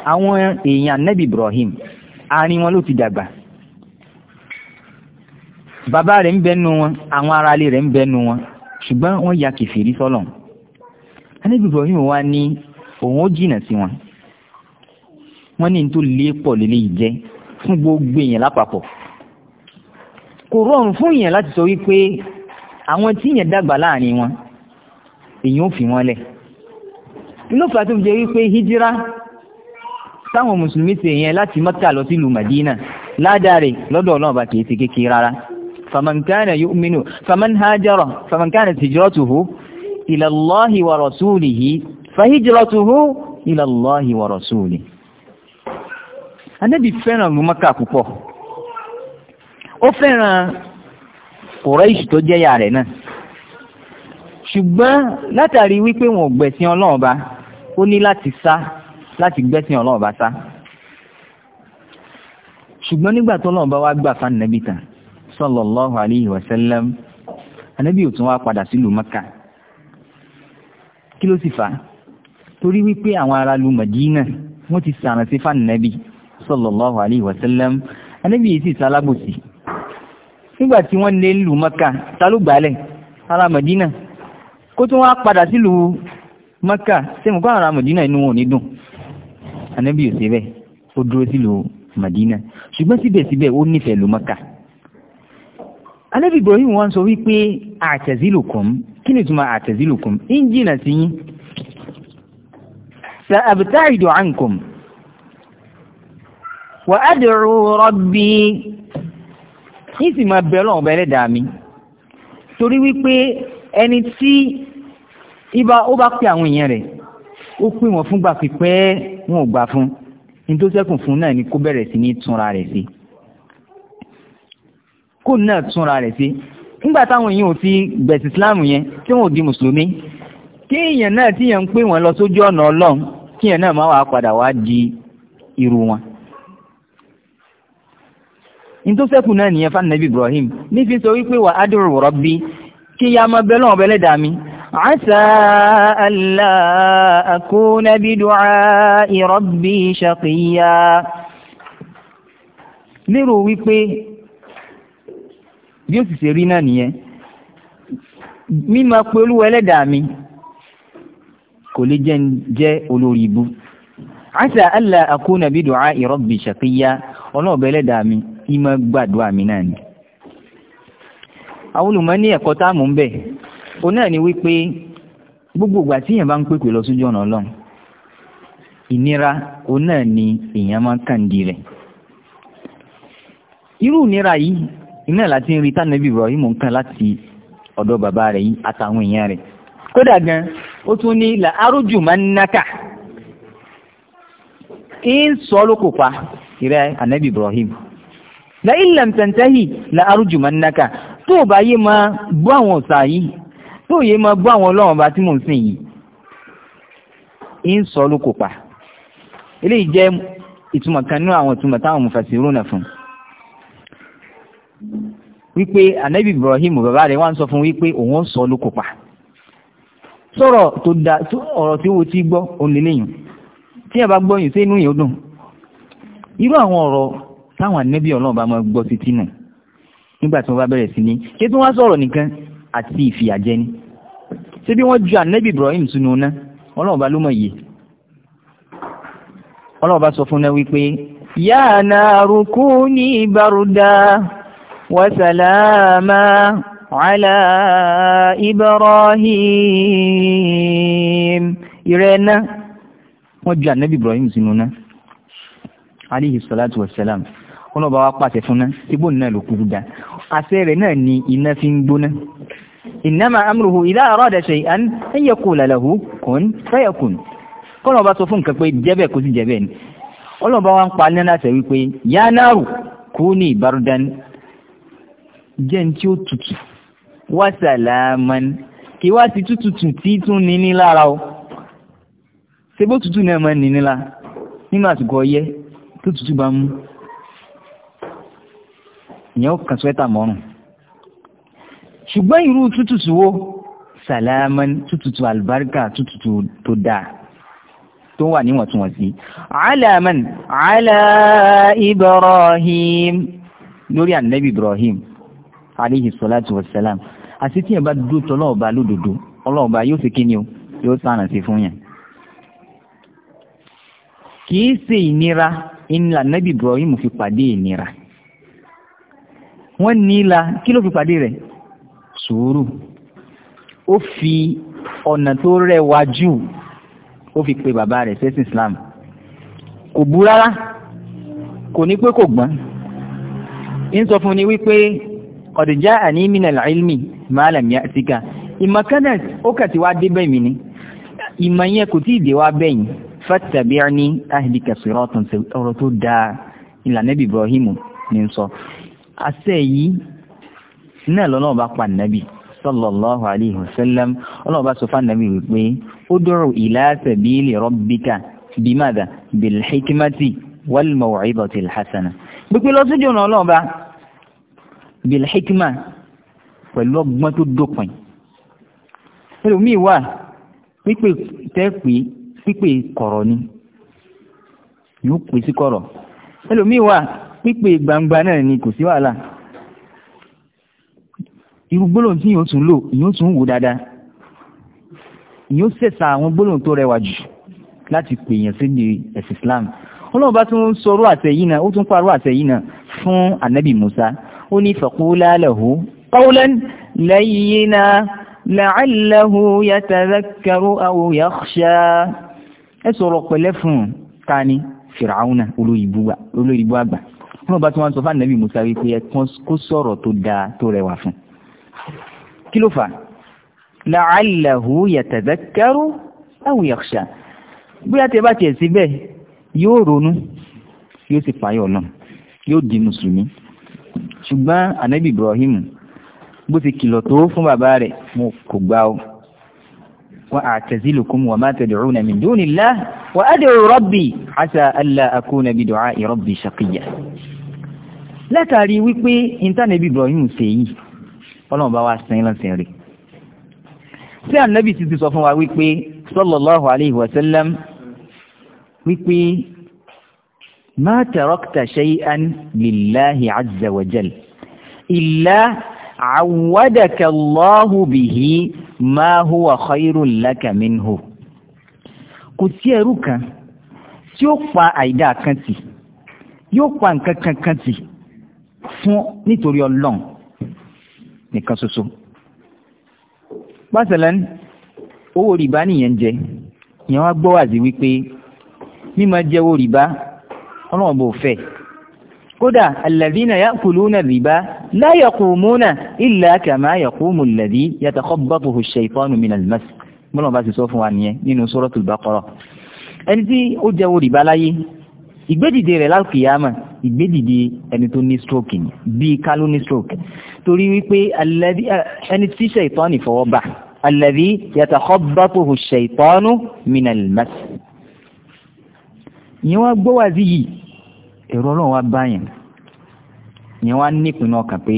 àwọn èèyàn nẹ́bì Ibrahim àárín wọn ló bàbá rẹ̀ ń bẹnu wọn àwọn aráalé rẹ̀ ń bẹnu wọn ṣùgbọ́n wọ́n ya kìfìrí sọ́lọ̀ anábì Ibrahim wa ní òun ó jìnà sí wọn wọ́n ní tó lé pọ̀ lélẹ́ yìí jẹ́ fún gbogbo èèyàn lápapọ̀ kò rọrùn fún èèyàn láti sọ wípé àwọn tí èèyàn dàgbà láàrin wọn èèyàn ò fi wọn lẹ̀ inú fàá tó fi jẹ́ wípé hijira táwọn mùsùlùmí ṣe láti Mẹ́kà lọ sílùú Màdínà ládàá rẹ̀ lọ́dọ̀ Ọlọ́run bá kìí ṣe kékeré rárá. فمن كان يؤمن فمن هاجر فمن كانت هجرته إلى الله ورسوله فهجرته إلى الله ورسوله النبي فعلا مكة كبه وفعلا قريش تجي علينا ṣùgbọ́n látàrí wípé wọn ò gbẹ̀sìn ọlọ́run ba ó ní láti sá láti gbẹ̀sìn ọlọ́run ba sá ṣùgbọ́n nígbà tó ọlọ́run bá wá gbà fáànù sallallahu alayhi wa sallam ànábì ò tún wá padà sílùú Mẹ́kà kí ló sì fà á torí wípé àwọn ará lu Mẹdínà wọ́n ti sàrán sí fànàbì sallallahu alayhi wa sallam ànábì yìí sì sálábòsì nígbà tí wọ́n lé lù Mẹ́kà ta ló gbàálẹ̀ ará Mẹdínà kó tún wá padà sílùú Mẹ́kà sẹ́mu kó ará Mẹdínà inú wọn ò ní dùn ànábì ò sí bẹ́ẹ̀ ó dúró sílùú Mẹdínà ṣùgbọ́n síbẹ̀síbẹ̀ ó nífẹ̀ẹ́ lù Mẹ́kà. Ànábì Ibrahim wọ́n sọ wípé àtẹ̀zílùkùn kí ni túnmọ̀ àtẹ̀zílùkùn ń jìnà sí yín sa'abta'idu ankum wa ad'u rabbi ní sì máa bẹ̀rẹ̀ lọ́wọ́ bẹ̀rẹ̀ dà mí torí wípé ẹni tí ibà ó bá pè àwọn èèyàn rẹ̀ ó pè wọ́n fúngbà pípẹ́ wọn ò gbà fún ní fún náà ni kó bẹ̀rẹ̀ sí ní túnra rẹ̀ sí i kó náà túnra rẹ̀ sí nígbà táwọn èèyàn ò ti gbẹ̀sì islam yẹn tí wọn ò di mùsùlùmí kí èèyàn náà tí èèyàn ń pè wọ́n lọ sójú ọ̀nà ọlọ́run kí èèyàn náà má wàá padà wá di irú wọn. nítòsẹ́kù náà nìyẹn fanabi ibrahim nífi sọ wípé wà á dúró wọ̀rọ̀ bí kí ya máa bẹ lọ́wọ́ bẹ́lẹ́ dàmí. عسى ألا أكون بدعاء ربي شقيا lérò wípé bí ó sì ṣe rí náà nìyẹn mímọ̀ pé olúwa ẹlẹ́dàá mi kò lè jẹ́ jẹ́ olórí ibú asa alla akuna bi du'a rabbi shaqiya ọlọ́run ọba ẹlẹ́dàá mi ìmọ̀ gbàdúrà mi náà ni àwọn olùmọ̀ ní ẹ̀kọ́ tá a mú bẹ̀ o náà ni wípé gbogbo ìgbà tí èèyàn bá ń pèpè lọ sójú ọ̀nà ọlọ́run ìnira o náà ni èèyàn máa ń kàǹdì rẹ̀ irú ìnira yìí iná láti ń rí tánàbí Ibrahim nǹkan láti ọ̀dọ̀ bàbá rẹ̀ yìí àtàwọn èèyàn rẹ̀ kódà gan ó tún ní là arújù máa ń nákà ń sọ lóko pa ìrẹ́ ànábì Ibrahim la ilẹ̀ tẹ̀ntẹ́hì la arújù máa ń nákà tó o bá yé máa gbọ́ àwọn ọ̀sà yìí tó o yé máa gbọ́ àwọn ọlọ́run bá tí mò ń sìn yìí ń sọ lóko pa eléyìí jẹ́ ìtumọ̀ kan nínú àwọn ìtumọ̀ táwọn mufasiruna fún un. wípé anabi ibrahim bàbá rẹ̀ wá ń sọ fún wípé òun sọ pa. sọ̀rọ̀ tó da ọ̀rọ̀ tí ó ti gbọ́ onílẹ̀yìn tí ẹ bá gbọ́ yìí sínú yìí ó dùn irú àwọn ọ̀rọ̀ táwọn anabi ọlọ́run bá máa gbọ́ sí tínú nígbà tí wọ́n bá bẹ̀rẹ̀ sí ní ṣé tí wọ́n sọ̀rọ̀ nìkan àti ìfìyàjẹni ṣé bí wọ́n ju anabi ibrahim sínú ná, ọlọ́run bá ló mọ̀ sọ fún náà wípé yáà وسلاما على إبراهيم ìrẹ́ná wọ́n ju ànábì Ibrahim sínú náà alayhi salatu wassalam wọ́n bá wá pàṣẹ fún náà síbò náà ló kúrú dá àṣẹ rẹ̀ náà ni iná fi ń gbóná innama amruhu idha arada shay'an an yaqula lahu kun fayakun kọ́nà ọba sọ fún nǹkan pé jẹ́bẹ̀ kó sì jẹ́bẹ̀ ni ọlọ́ọ̀bá wa ń pa ní láti wípé yá kú ní ìbárúdání jẹ́ ní tí ó tutù wá sàlámán kí wá sí tútùtù tí tún ní ní lára o ṣe bó tutù náà máa ní nílá nínú àsìkò ọyẹ́ tó tutù bá mú ìyẹn ó kàn sweater mọ́rùn ṣùgbọ́n irú tútùtù wo sàlámán tútùtù àlùbáríkà tútùtù tó dáa tó wà níwọ̀ntúnwọ̀nsí alaman ala ibrahim lórí ànábì ibrahim Alihi salatu wa salam àti tí yẹn bá dúró tọ́ ọlọ́ọ̀ba lódodo ọlọ́ọ̀ba yóò fi kíni o yóò sànà sí fún yẹn. kì í ṣe ìnira ìnira nábì Ibrahim fi pàdé ìnira wọ́n níla kí ló fi pàdé rẹ̀ sùúrù ó fi ọ̀nà tó rẹwà jù ó fi pe bàbá rẹ̀ sẹ́sìn Islam kò bú rárá kò ní pé kò gbọ́n ń sọ fún ni wípé kọ̀dìjá ànímìnà ilmi malam ya síka ìmọ̀kánà ó kà ti wá débẹ̀ mi ni ìmọ̀ yẹn kò tí ì dé wá bẹ́yìn fattabi'ni ahdika siratan ọ̀rọ̀ tó dáa ìlànà Ibrahim ní sọ àṣẹ yìí náà lọ́nà ọba pa nàbì sallallahu alayhi wa sallam ọlọ́ọ̀bá sọ fún nàbì wípé ud'u ila sabili rabbika bimada bilhikmati wal maw'izati alhasana gbígbé lọ sí jọ̀nà ọlọ́ọ̀bá bilhikma pẹ̀lú ọgbọ́n tó dópin ẹlòmíì wà pípè tẹ́ẹ̀pì pípè kọ̀rọ̀ ni yóò pè sí kọ̀rọ̀ ẹlòmíì wà pípè gbangba náà ni kò sí wàhálà irú gbólóhùn tí yóò tún lò yóò tún wò dáadáa yóò sẹ̀sà àwọn gbólóhùn tó rẹwà jù láti pè yàn sí di ẹ̀sìn Islam ọlọ́run bá tún sọ̀rọ̀ àtẹ̀yìn náà ó tún parọ́ àtẹ̀yìn náà fún anabi Musa ó ní faqula lahu qawlan layyina la'allahu yatadhakkaru aw yakhsha ẹ sọ̀rọ̀ pẹ̀lẹ́ fún tani fìràúnà olóyìnbó àgbà fún ọba tí wọ́n sọ fún ànábì musa wípé ẹ kó sọ̀rọ̀ tó dáa tó rẹwà fún kí ló fà la'allahu yatadhakkaru aw yakhsha bóyá tẹ bá tiẹ̀ síbẹ̀ yóò ronú yóò sì pààyọ̀ náà yóò di mùsùlùmí ṣùgbọ́n ànábì Ibrahim bó ti kìlọ̀ tó fún bàbá rẹ̀ mo kò gbà ó wa a'tazilukum wa ma tad'una min dunillah wa ad'u rabbi asa alla akuna bi du'a'i rabbi shaqiyya látàrí wípé ìntànẹ́bí Ibrahim ṣe yìí ọlọ́run bá wá sin lọ́sìn rẹ̀ tí ànábì ti ti sọ fún wa wípé sallallahu alayhi wípé ما تركت شيئا لله عز وجل إلا عودك الله به ما هو خير لك منه kò sí ẹrú kan tí ó pa àìdá kan tì yóò pa nǹkan kan kan tì fún nítorí ọlọ́run nìkan ṣoṣo pàṣẹlẹ́n owó rìbá nìyẹn jẹ ìyẹn wá gbọ́ wàzí wípé mímọ jẹ́ owó rìbá ọlọ́run bò fẹ́ kódà alladhina ya'kuluna riba la yaqumuna illa kama yaqumu alladhi yatakhabbatuhu ash-shaytanu min al-mas bọ́lá bá ti sọ fún wa nìyẹn nínú suratul baqara ẹni tí ó jẹ́wọ́ rìbá láyé tó ní stroke ni bíi kálú ní stroke torí yìí ẹ̀rọ ọlọ́run wa báyìí yẹn wá nípinnu ọkàn pé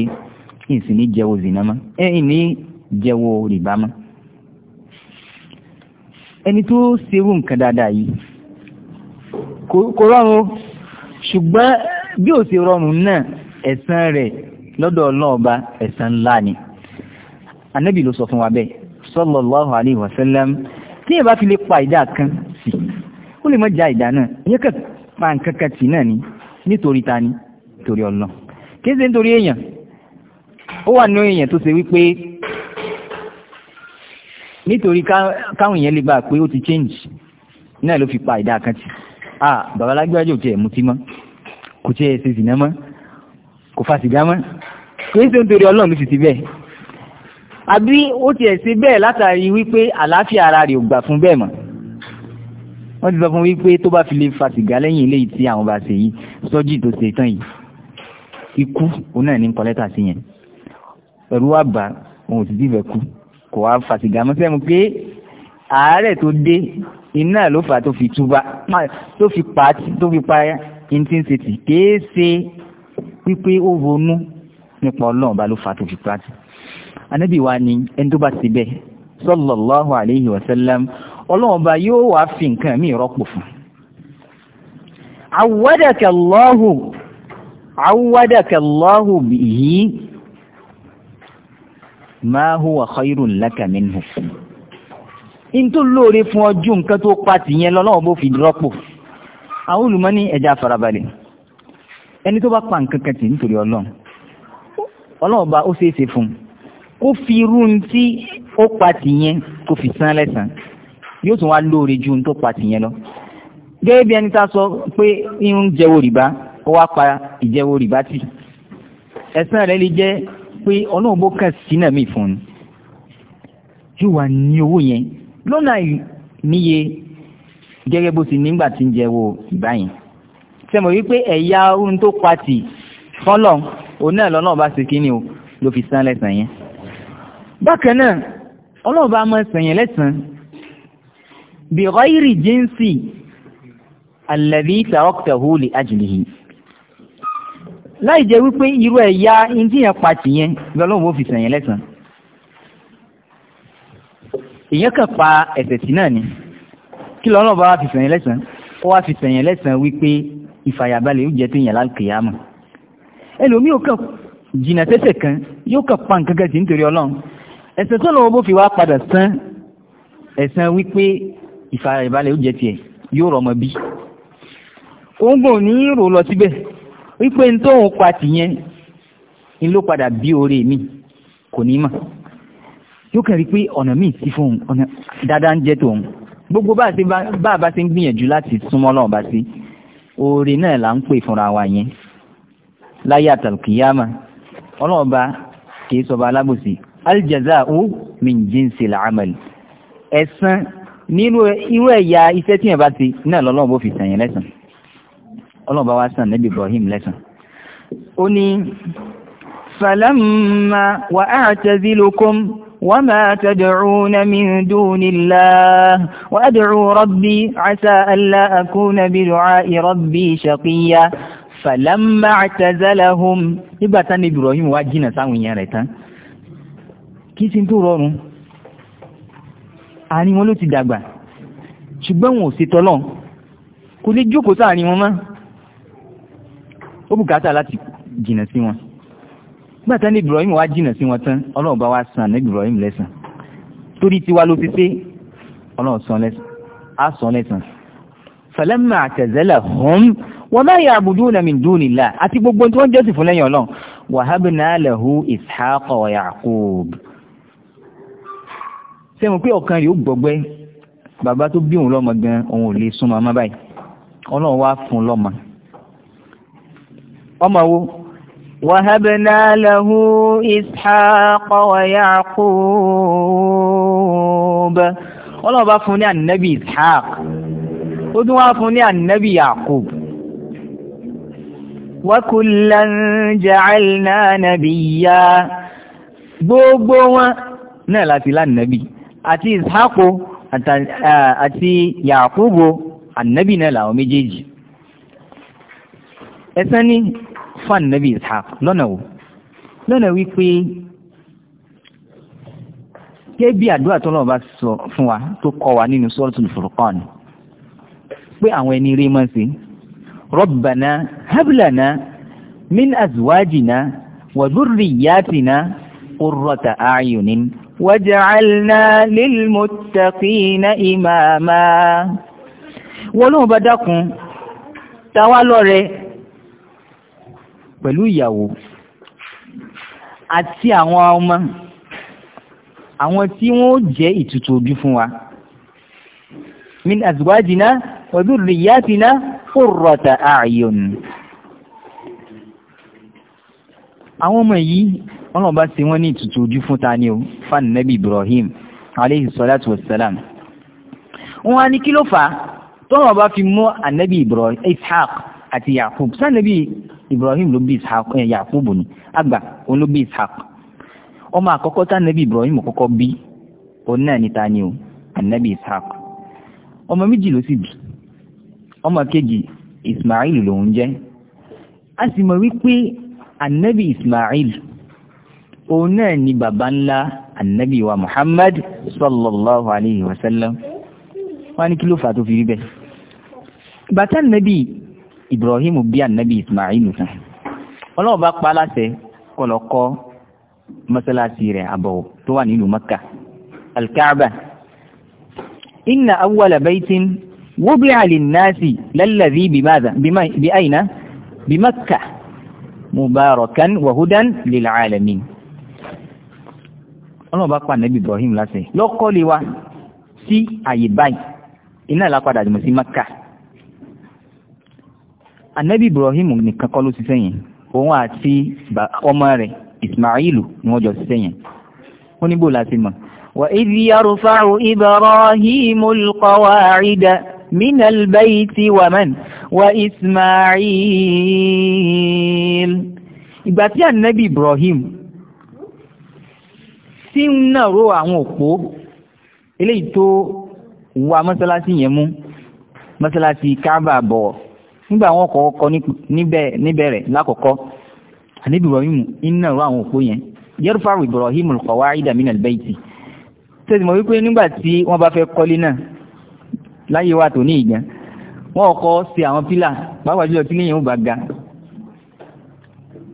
kí n sì ní jẹ́wọ́ zìnà mọ́ ẹ̀yìn ní jẹ́wọ́ rìbá mọ́ ẹni tó ṣerú nǹkan dáadáa yìí kò rọrùn ṣùgbọ́n bí ò ṣe rọrùn náà ẹ̀san rẹ̀ lọ́dọ̀ ọlọ́ọ̀ba ẹ̀san ńlá ni anábì ló sọ fún wa bẹ́ẹ̀ sallallahu alaihi wasallam tí yẹn bá fi lè pa ìdá kan sí ó lè mọ́ ja ìdá náà yẹ́kẹ̀ pa nǹkan kan tì náà ni nítorí ta ni nítorí ọlọ́ kí ṣe nítorí èèyàn ó wà nínú èèyàn tó ṣe wípé nítorí káwọn èèyàn lè gbà pé ó ti change náà ló fi pa ìdá kan tì ah babalágbájá ò tiẹ̀ mutí mọ́ kò tiẹ̀ ṣe sìnà mọ́ kò fa sìgá mọ́ kò ṣe nítorí ọlọ́run ló sì ti bẹ́ẹ̀ àbí ó tiẹ̀ ṣe bẹ́ẹ̀ látàrí wípé àlàáfíà ara rẹ̀ ò gbà fún bẹ́ẹ̀ mọ́ wọ́n ti sọ fún wípé tó bá fi lè fa sìgá lẹ́yìn eléyìí tí àwọn bá ṣe yìí sọ́jì tó ṣe tán yìí ikú òun náà ní kọ́lẹ́tà sí yẹn ẹ̀rú wà bá òun ò sì ti fẹ́ kú kò wá fa sìgá mọ́ sẹ́mu pé àárẹ̀ tó dé iná ló fà tó fi túbá tó fi pa tó fi pa intensity kìí ṣe pípé ó ronú nípa ọlọ́run bá ló fà tó fi pa. anábìwá ni ẹni tó bá ti bẹ́ẹ̀ sallallahu alayhi wa ọlọ́run ọba yóò wá fi nǹkan mí rọ́pò fún awwadaka Allahu awwadaka Allahu bihi ma huwa khairun laka minhu in tó lóore fún ọjọ́ nǹkan tó pa tìyẹn lọ́lọ́run bó fi rọ́pò àwọn olùmọ́ni ẹja farabalẹ̀ ẹni tó bá pa nǹkan kan tì nítorí ọlọ́run ọlọ́run bá ó ṣeéṣe fún un kó fi irú tí ó pa tìyẹn kó fi san lẹ́sàn-án yóò tún wá lóore ju tó pa tìyẹn lọ gẹ́gẹ́ bí ẹni tá a sọ pé ń jẹ́wọ́ rìbá ó wá pa ìjẹ́wọ́ rìbá tì ẹ̀san rẹ̀ lè jẹ́ pé ọlọ́run bó kàn sí náà mí fún un yóò wá ní owó yẹn lọ́nà níye gẹ́gẹ́ bó ti nígbà tí ń jẹ́wọ́ rìbá yẹn sẹ́mo wípé ẹ̀yà ohun tó pa tì fọ́lọ̀ òun náà lọ́nà bá ṣe kí ni o ló fi san lẹ́san yẹn bákan náà ọlọ́run bá máa san yẹn lẹ́san bìgáìrì jíǹsì alladhi taraktahu li ajlihi láì jẹ́ wípé irú ẹ̀yà ìdíyàn pàtì yẹn lọ́lọ́wọ́ fi sẹ̀yìn lẹ́sàn èyàn kàn pa ẹ̀ṣẹ̀ tì náà ni kí lọ́lọ́wọ́ bá wá fi sẹ̀yìn lẹ́sàn ó wá fi sẹ̀yìn lẹ́sàn wípé ìfàyàbalẹ̀ ó jẹ́ téèyàn lálùkìyàmọ̀ ẹlòmíì ò kàn jìnnà sẹ́ṣẹ̀ kan yóò kàn pa nǹkan kan sí nítorí ọlọ́run ẹ̀ṣẹ̀ tó lọ́wọ́ bó fi wá padà san ẹ̀san wípé ìfarabalẹ̀ ó jẹ́ tiẹ̀ yóò rọmọ bí oúngbọ̀n ní rò lọ síbẹ̀ wípé ní tóun pa tìyẹn ní ló padà bí oore mi kò ní mà yóò kàn rí pé ọ̀nà míì sí fún un ọ̀nà dáadáa ń jẹ́ tòun gbogbo bá a bá ti ń gbìyànjú láti súnmọ́ lọ́wọ́ bá sí oore náà là ń pè fúnra wa yẹn láyé àtàlùkìyàmà ọlọ́ọ̀ba kì í sọba alábòsí aljaza u min jinsi làámẹ́lì ẹ̀sán nínú irú ẹ̀yà iṣẹ́ tí yẹn bá ti náà lọ́lọ́run bó fi sàn yẹn lẹ́sàn ọlọ́run bá wá sàn níbi Ibrahim lẹ́sàn ó ní falamma wa a'tazilukum وما تدعون من دون الله وأدعو ربي عسى ألا أكون بدعاء ربي شقيا فلما اعتزلهم إبا تاني إبراهيم واجينا ساوين يا ريتان كيسين تو رورون àárín wọn ló ti dàgbà ṣùgbọ́n wọn ò ṣe tọ́lọ̀ kò lè jókòó sáàrin wọn mọ́ ó bùkátà láti jìnà sí wọn gbàtà ní Ibrahim wá jìnà sí wọn tán ọlọ́run bá wá san ní Ibrahim lẹ́sàn torí tiwa ló fi pé ọlọ́run san lẹ́sàn á san lẹ́sàn falamma atazalahum wa ma ya'buduna min dunillah àti gbogbo tí wọ́n jọ́sìn fún lẹ́yìn ọlọ́run wa habna lahu Ishaqa sẹ́wọ̀n pé ọ̀kan rẹ̀ ó gbọ̀gbẹ́ bàbá tó bí òun lọ́mọ gan òun ò lè sún màmá báyìí ọlọ́run wá fún lọ́mọ. ọmọ wo. وهبنا له إسحاق ويعقوب ọlọ́run bá fún ní ànábì ishaq ó tún wá fún ní ànábì yakub wakullan ja'alna nabiyya gbogbo wọn náà láti lánàbì àti ìsáàkó àti yàkúbò ànábì náà làwọn méjèèjì ẹ̀sán ní fún ànábì ìsáàkó lọ́nà wò lọ́nà wípé gẹ́gẹ́ bí àdúrà tó lọ́wọ́ bá sọ fún wa tó kọ́ wa nínú Suratul Furqan pé àwọn ẹni rí mọ́ sí Rabbana min azwajina wa dhurriyyatina قرة أعين وجعلنا للمتقين إماما wọlọ́wọ́ bá dákun táwa lọ́rẹ pẹ̀lú ìyàwó àti àwọn ọmọ àwọn tí wọ́n jẹ́ ìtùtù wa min azwajina wa dhurriyyatina qurrata a'yun àwọn ọmọ yìí ọlọ́run bá ṣe wọ́n ní ìtùtù ojú fún ta ni o fáànù nẹ́bí Ibrahim aleyhi salatu wassalam wọn á ní kí ló fà á tọ́wọ́n bá fi mú ànẹ́bí Ibrahim Ishaq àti Yakub sànẹ́bí Ibrahim ló bí Ishaq ẹ̀ eh, Yakub ni àgbà òun ló bí Ishaq ọmọ àkọ́kọ́ sànẹ́bí Ibrahim kọ́kọ́ bí òun náà ní ta ni o ànẹ́bí Ishaq ọmọ méjì ló sì bí ọmọ kejì Ismail lòun jẹ́ a sì mọ̀ wípé ànẹ́bí Ismail òun náà ni bàbá ńlá annabi wa muhammad sallallahu alayhi wa sallam wọ́n ní kí ló fà tó fi rí bẹ́ẹ̀ bàtà annabi ibrahim bí annabi ismail tán ọlọ́run bá pa láṣẹ kọlọ́kọ́ mọ́sálásí rẹ̀ àbọ̀ tó wà nílùú makka alkaaba inna awwala baitin wubi'a linnasi lalladhi bimadha bi aina bi makka mubarakan wa hudan lil alamin ọlọ́run bá pa nẹ́bí Ibrahim láṣẹ lọ́kọ́lé wa sí àyè báyìí iná ìlà padà jùmọ̀ sí Maka anẹ́bí Ibrahim nìkan kọ́ ló ṣiṣẹ́ yẹn òun àti ọmọ rẹ̀ Ismailu ni wọ́n jọ ṣiṣẹ́ yẹn ó níbò láti mọ̀ وإذ يرفع إبراهيم القواعد من البيت ومن وإسماعيل ìgbà tí ànábì Ibrahim tí ń nàró àwọn òpó eléyìí tó wa mọ́sálásí yẹn mú mọ́sálásí káàbà bọ̀ nígbà wọn kọ́ kọ́ níbẹ̀rẹ̀ lákọ̀ọ́kọ́ àníbi Ibrahim ń nàró àwọn òpó yẹn yẹ́rùfà Ibrahim al-qawaida min al-bayti tẹ́sí mọ̀ wípé nígbà tí wọ́n bá fẹ́ kọ́lé náà láyé wa tò ní ìgbà wọ́n kọ́ sí àwọn pílà pàápàá jùlọ tí léyìn ó bá ga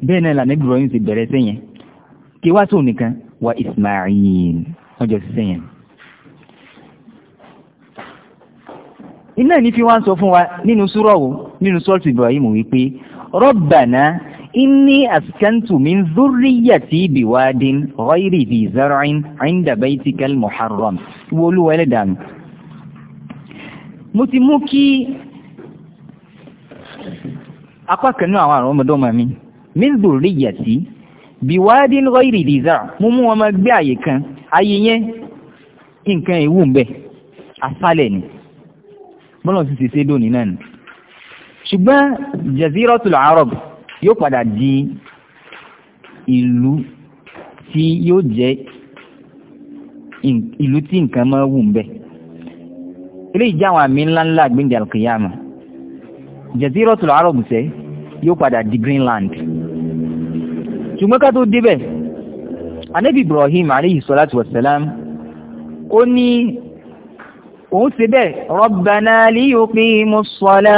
bẹ́ẹ̀ náà lànà Ibrahim ti bẹ̀rẹ̀ sẹ́yìn kí wá sóun nìkan wa Ismail wọ́n jọ ṣiṣẹ́ yẹn. iná ní fi wá ń sọ fún wa nínú súrọ̀ wo nínú sọ́ọ̀tù Ibrahim wípé Rabbana inni askantu min zurriyati biwadin ghayri dhi zar'in 'inda baytikal muharram ìwọ Olúwa Ẹlẹ́dàá mi mo ti mú kí mi min zurriyati biwadi ghairi diza mú mú wọn máa gbé àyè kan àyè yẹn nǹkan ìwú ń bẹ asálẹ̀ ni bọ́lọ̀ sì ṣe dòní náà ni ṣùgbọ́n jaziratul arab yóò padà di ìlú tí yóò jẹ́ ìlú tí nǹkan máa wù ń bẹ eléyìí jẹ́ àwọn àmì ńláńlá gbẹ̀ngàn kìyàmù jaziratul arab sẹ́ yóò padà di greenland ṣùgbọ́n ká tó débẹ̀ anabi ibrahim aleyhi salatu wasalam ó ní òun ṣe bẹ́ẹ̀ rọ́bàná líyópin mọ́sọ́lá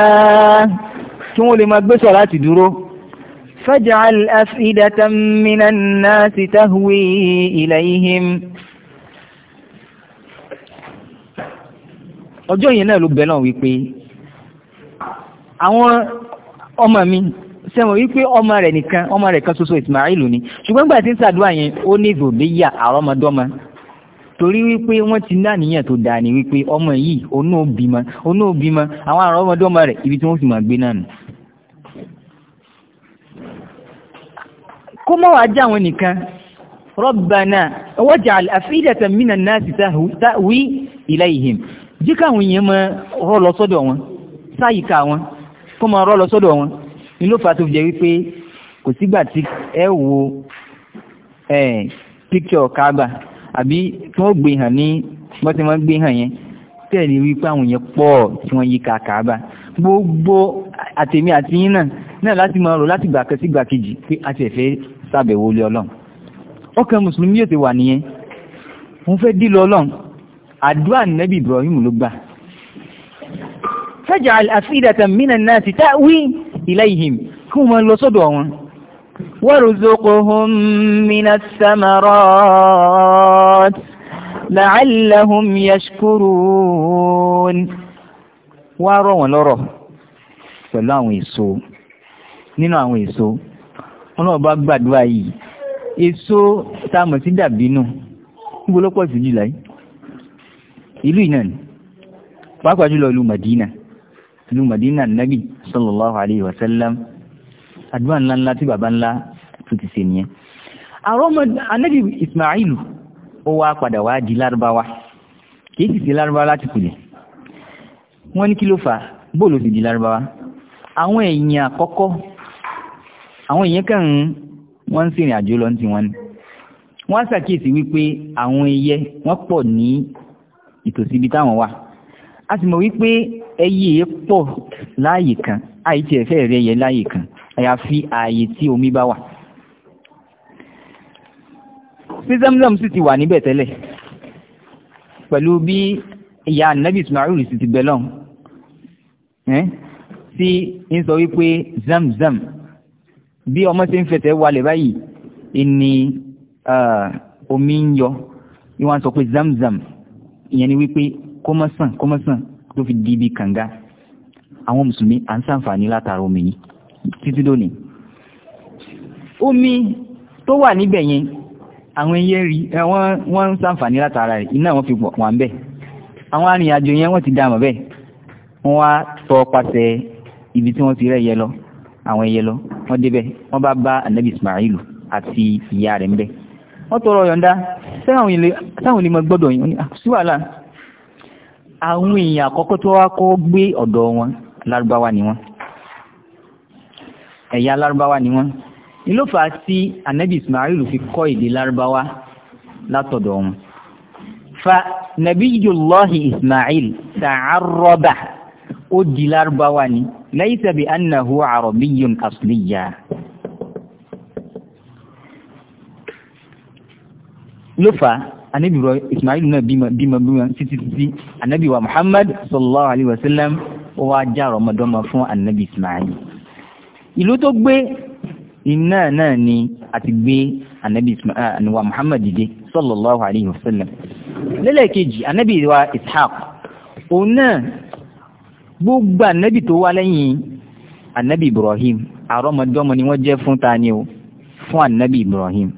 kí wọ́n lè máa gbé sọ láti dúró faj'al af'idatan minan nasi tahwi ilayhim ọjọ́ yẹn náà ló bẹ̀ náà wípé àwọn ọmọ mi sẹ́wọ̀n wípé ọmọ rẹ̀ nìkan ọmọ rẹ̀ kan ṣoṣo Ismailu ni ṣùgbọ́n gbà tí ń ṣàdúrà yẹn ó ní ìròléyà àrọ́mọdọ́mọ torí wípé wọ́n ti ní àníyàn tó dáa ni wípé ọmọ yìí onú òbímọ onú òbímọ àwọn àrọ́mọdọ́mọ rẹ̀ ibi tí wọ́n sì máa gbé náà nù. kó mọ́ wàá já àwọn nìkan Rabbana waj'al af'idatan minan nasi tahwi ilayhim jíkà àwọn èèyàn máa rọ́ lọ sọ́dọ̀ wọn sáyìíká wọn kó máa rọ́ lọ sọ́dọ̀ wọn ni ló fà á tó fi wípé kò sígbà tí ẹ wo píkṣọ̀ kábà àbí tí wọ́n gbé hàn ní bọ́n ti máa gbé hàn yẹn tẹ̀lé wípé àwọn yẹn pọ̀ tí wọ́n yí ka kábà gbogbo àtẹ̀mí àti yín náà náà láti máa rò láti gbàkan sí gbàkejì pé a ti ẹ̀fẹ́ sàbẹ̀wò lé ọlọ́run ọkàn mùsùlùmí yóò ti wà nìyẹn wọ́n fẹ́ dí lọ ọlọ́run àdúrà nẹ́bí Ibrahim ló gbà fẹ́jà àfíìdàtà mínà náà ti tá wí ilayhim kí wọ́n máa lọ sọ́dọ̀ wọn warzuqhum minas samarat la'allahum yashkurun wá rọ̀ wọ́n lọ́rọ̀ pẹ̀lú àwọn èso nínú àwọn èso wọn náà bá gbàdúrà yìí èso tá sí dàbínú níbo ló jùlọ ìlú ìnáà pàápàá jùlọ ìlú Madina ìlú madina nabi sallallahu alayhi wa sallam àdúrà ńlá ńlá tí baba ńlá tó ti ṣe nìyẹn àwọn ọmọ anabi ismail ó wá padà wá di lárúbáwá kì í sì ṣe lárúbáwá láti kùlẹ̀ wọ́n ní kí ló fà bóòlù sì di lárúbáwá àwọn èèyàn àkọ́kọ́ àwọn èèyàn kàn wọ́n ń sìnrìn àjò lọ ti wọn ni wọ́n ṣàkíyèsí wípé àwọn ẹyẹ wọ́n pọ̀ ní ìtòsí ibi táwọn wà a sì mọ̀ wípé ẹyẹ yìí pọ̀ láàyè kan àìtí ẹ̀fẹ́ rẹ̀ yẹ láàyè kan àyàfi ààyè tí omi bá wà sí zamzam sì ti wà níbẹ̀ tẹ́lẹ̀ pẹ̀lú bí ìyá nabi ismail sì ti bẹ̀lọ́n sí ń sọ wípé zamzam bí ọmọ ṣe ń fẹsẹ̀ walẹ̀ báyìí ìní omi ń yọ ni sọ pé zamzam ìyẹn ni wípé kó má tó fi di ibi kànga àwọn mùsùlùmí à ń sàǹfààní látara omi yìí títí lónìí omi tó wà níbẹ̀ yẹn àwọn ẹyẹ rí wọ́n wọ́n ń sàǹfààní látara rẹ̀ iná wọn fi pọ̀ wà ń bẹ̀ àwọn arìnrìnàjò yẹn wọ́n ti dá àmọ̀ bẹ́ẹ̀ wọ́n wá tọ pasẹ̀ ibi tí wọ́n ti rẹ̀ yẹ lọ àwọn ẹyẹ lọ wọ́n débẹ̀ wọ́n bá bá anabi ismailu àti ìyá rẹ̀ ń bẹ̀ wọ́n tọrọ yọ̀ǹda sẹ́wọ̀n ilé mọ gbọ́dọ̀ yìí ah, síwàhálà àwọn èèyàn àkọ́kọ́ tó wá kọ́ gbé ọ̀dọ̀ wọn lárúbáwá ni wọ́n ẹ̀yà lárúbáwá ni wọ́n nílòfà tí anabi ismail fi kọ́ èdè lárúbáwá látọ̀dọ̀ wọn fa nabiyullahi ismail ta'arraba ó di lárúbáwá ni laysa bi annahu arabiyyun asliya lófà anabi rọ ismail náà bímọ bímọ bímọ títí títí anabi wa muhammad sallallahu alayhi wa sallam ó wá já rọmọdọ́mọ fún anabi ismail ìlú tó gbé iná náà ni àti gbé anabi ismail eh, wa muhammad dìde sallallahu alayhi wa sallam lẹ́lẹ́kejì anabi wa ishaq òun náà gbogbo anabi tó wá lẹ́yìn anabi ibrahim àrọmọdọ́mọ ni wọ́n jẹ́ fún ta ni o fún anabi ibrahim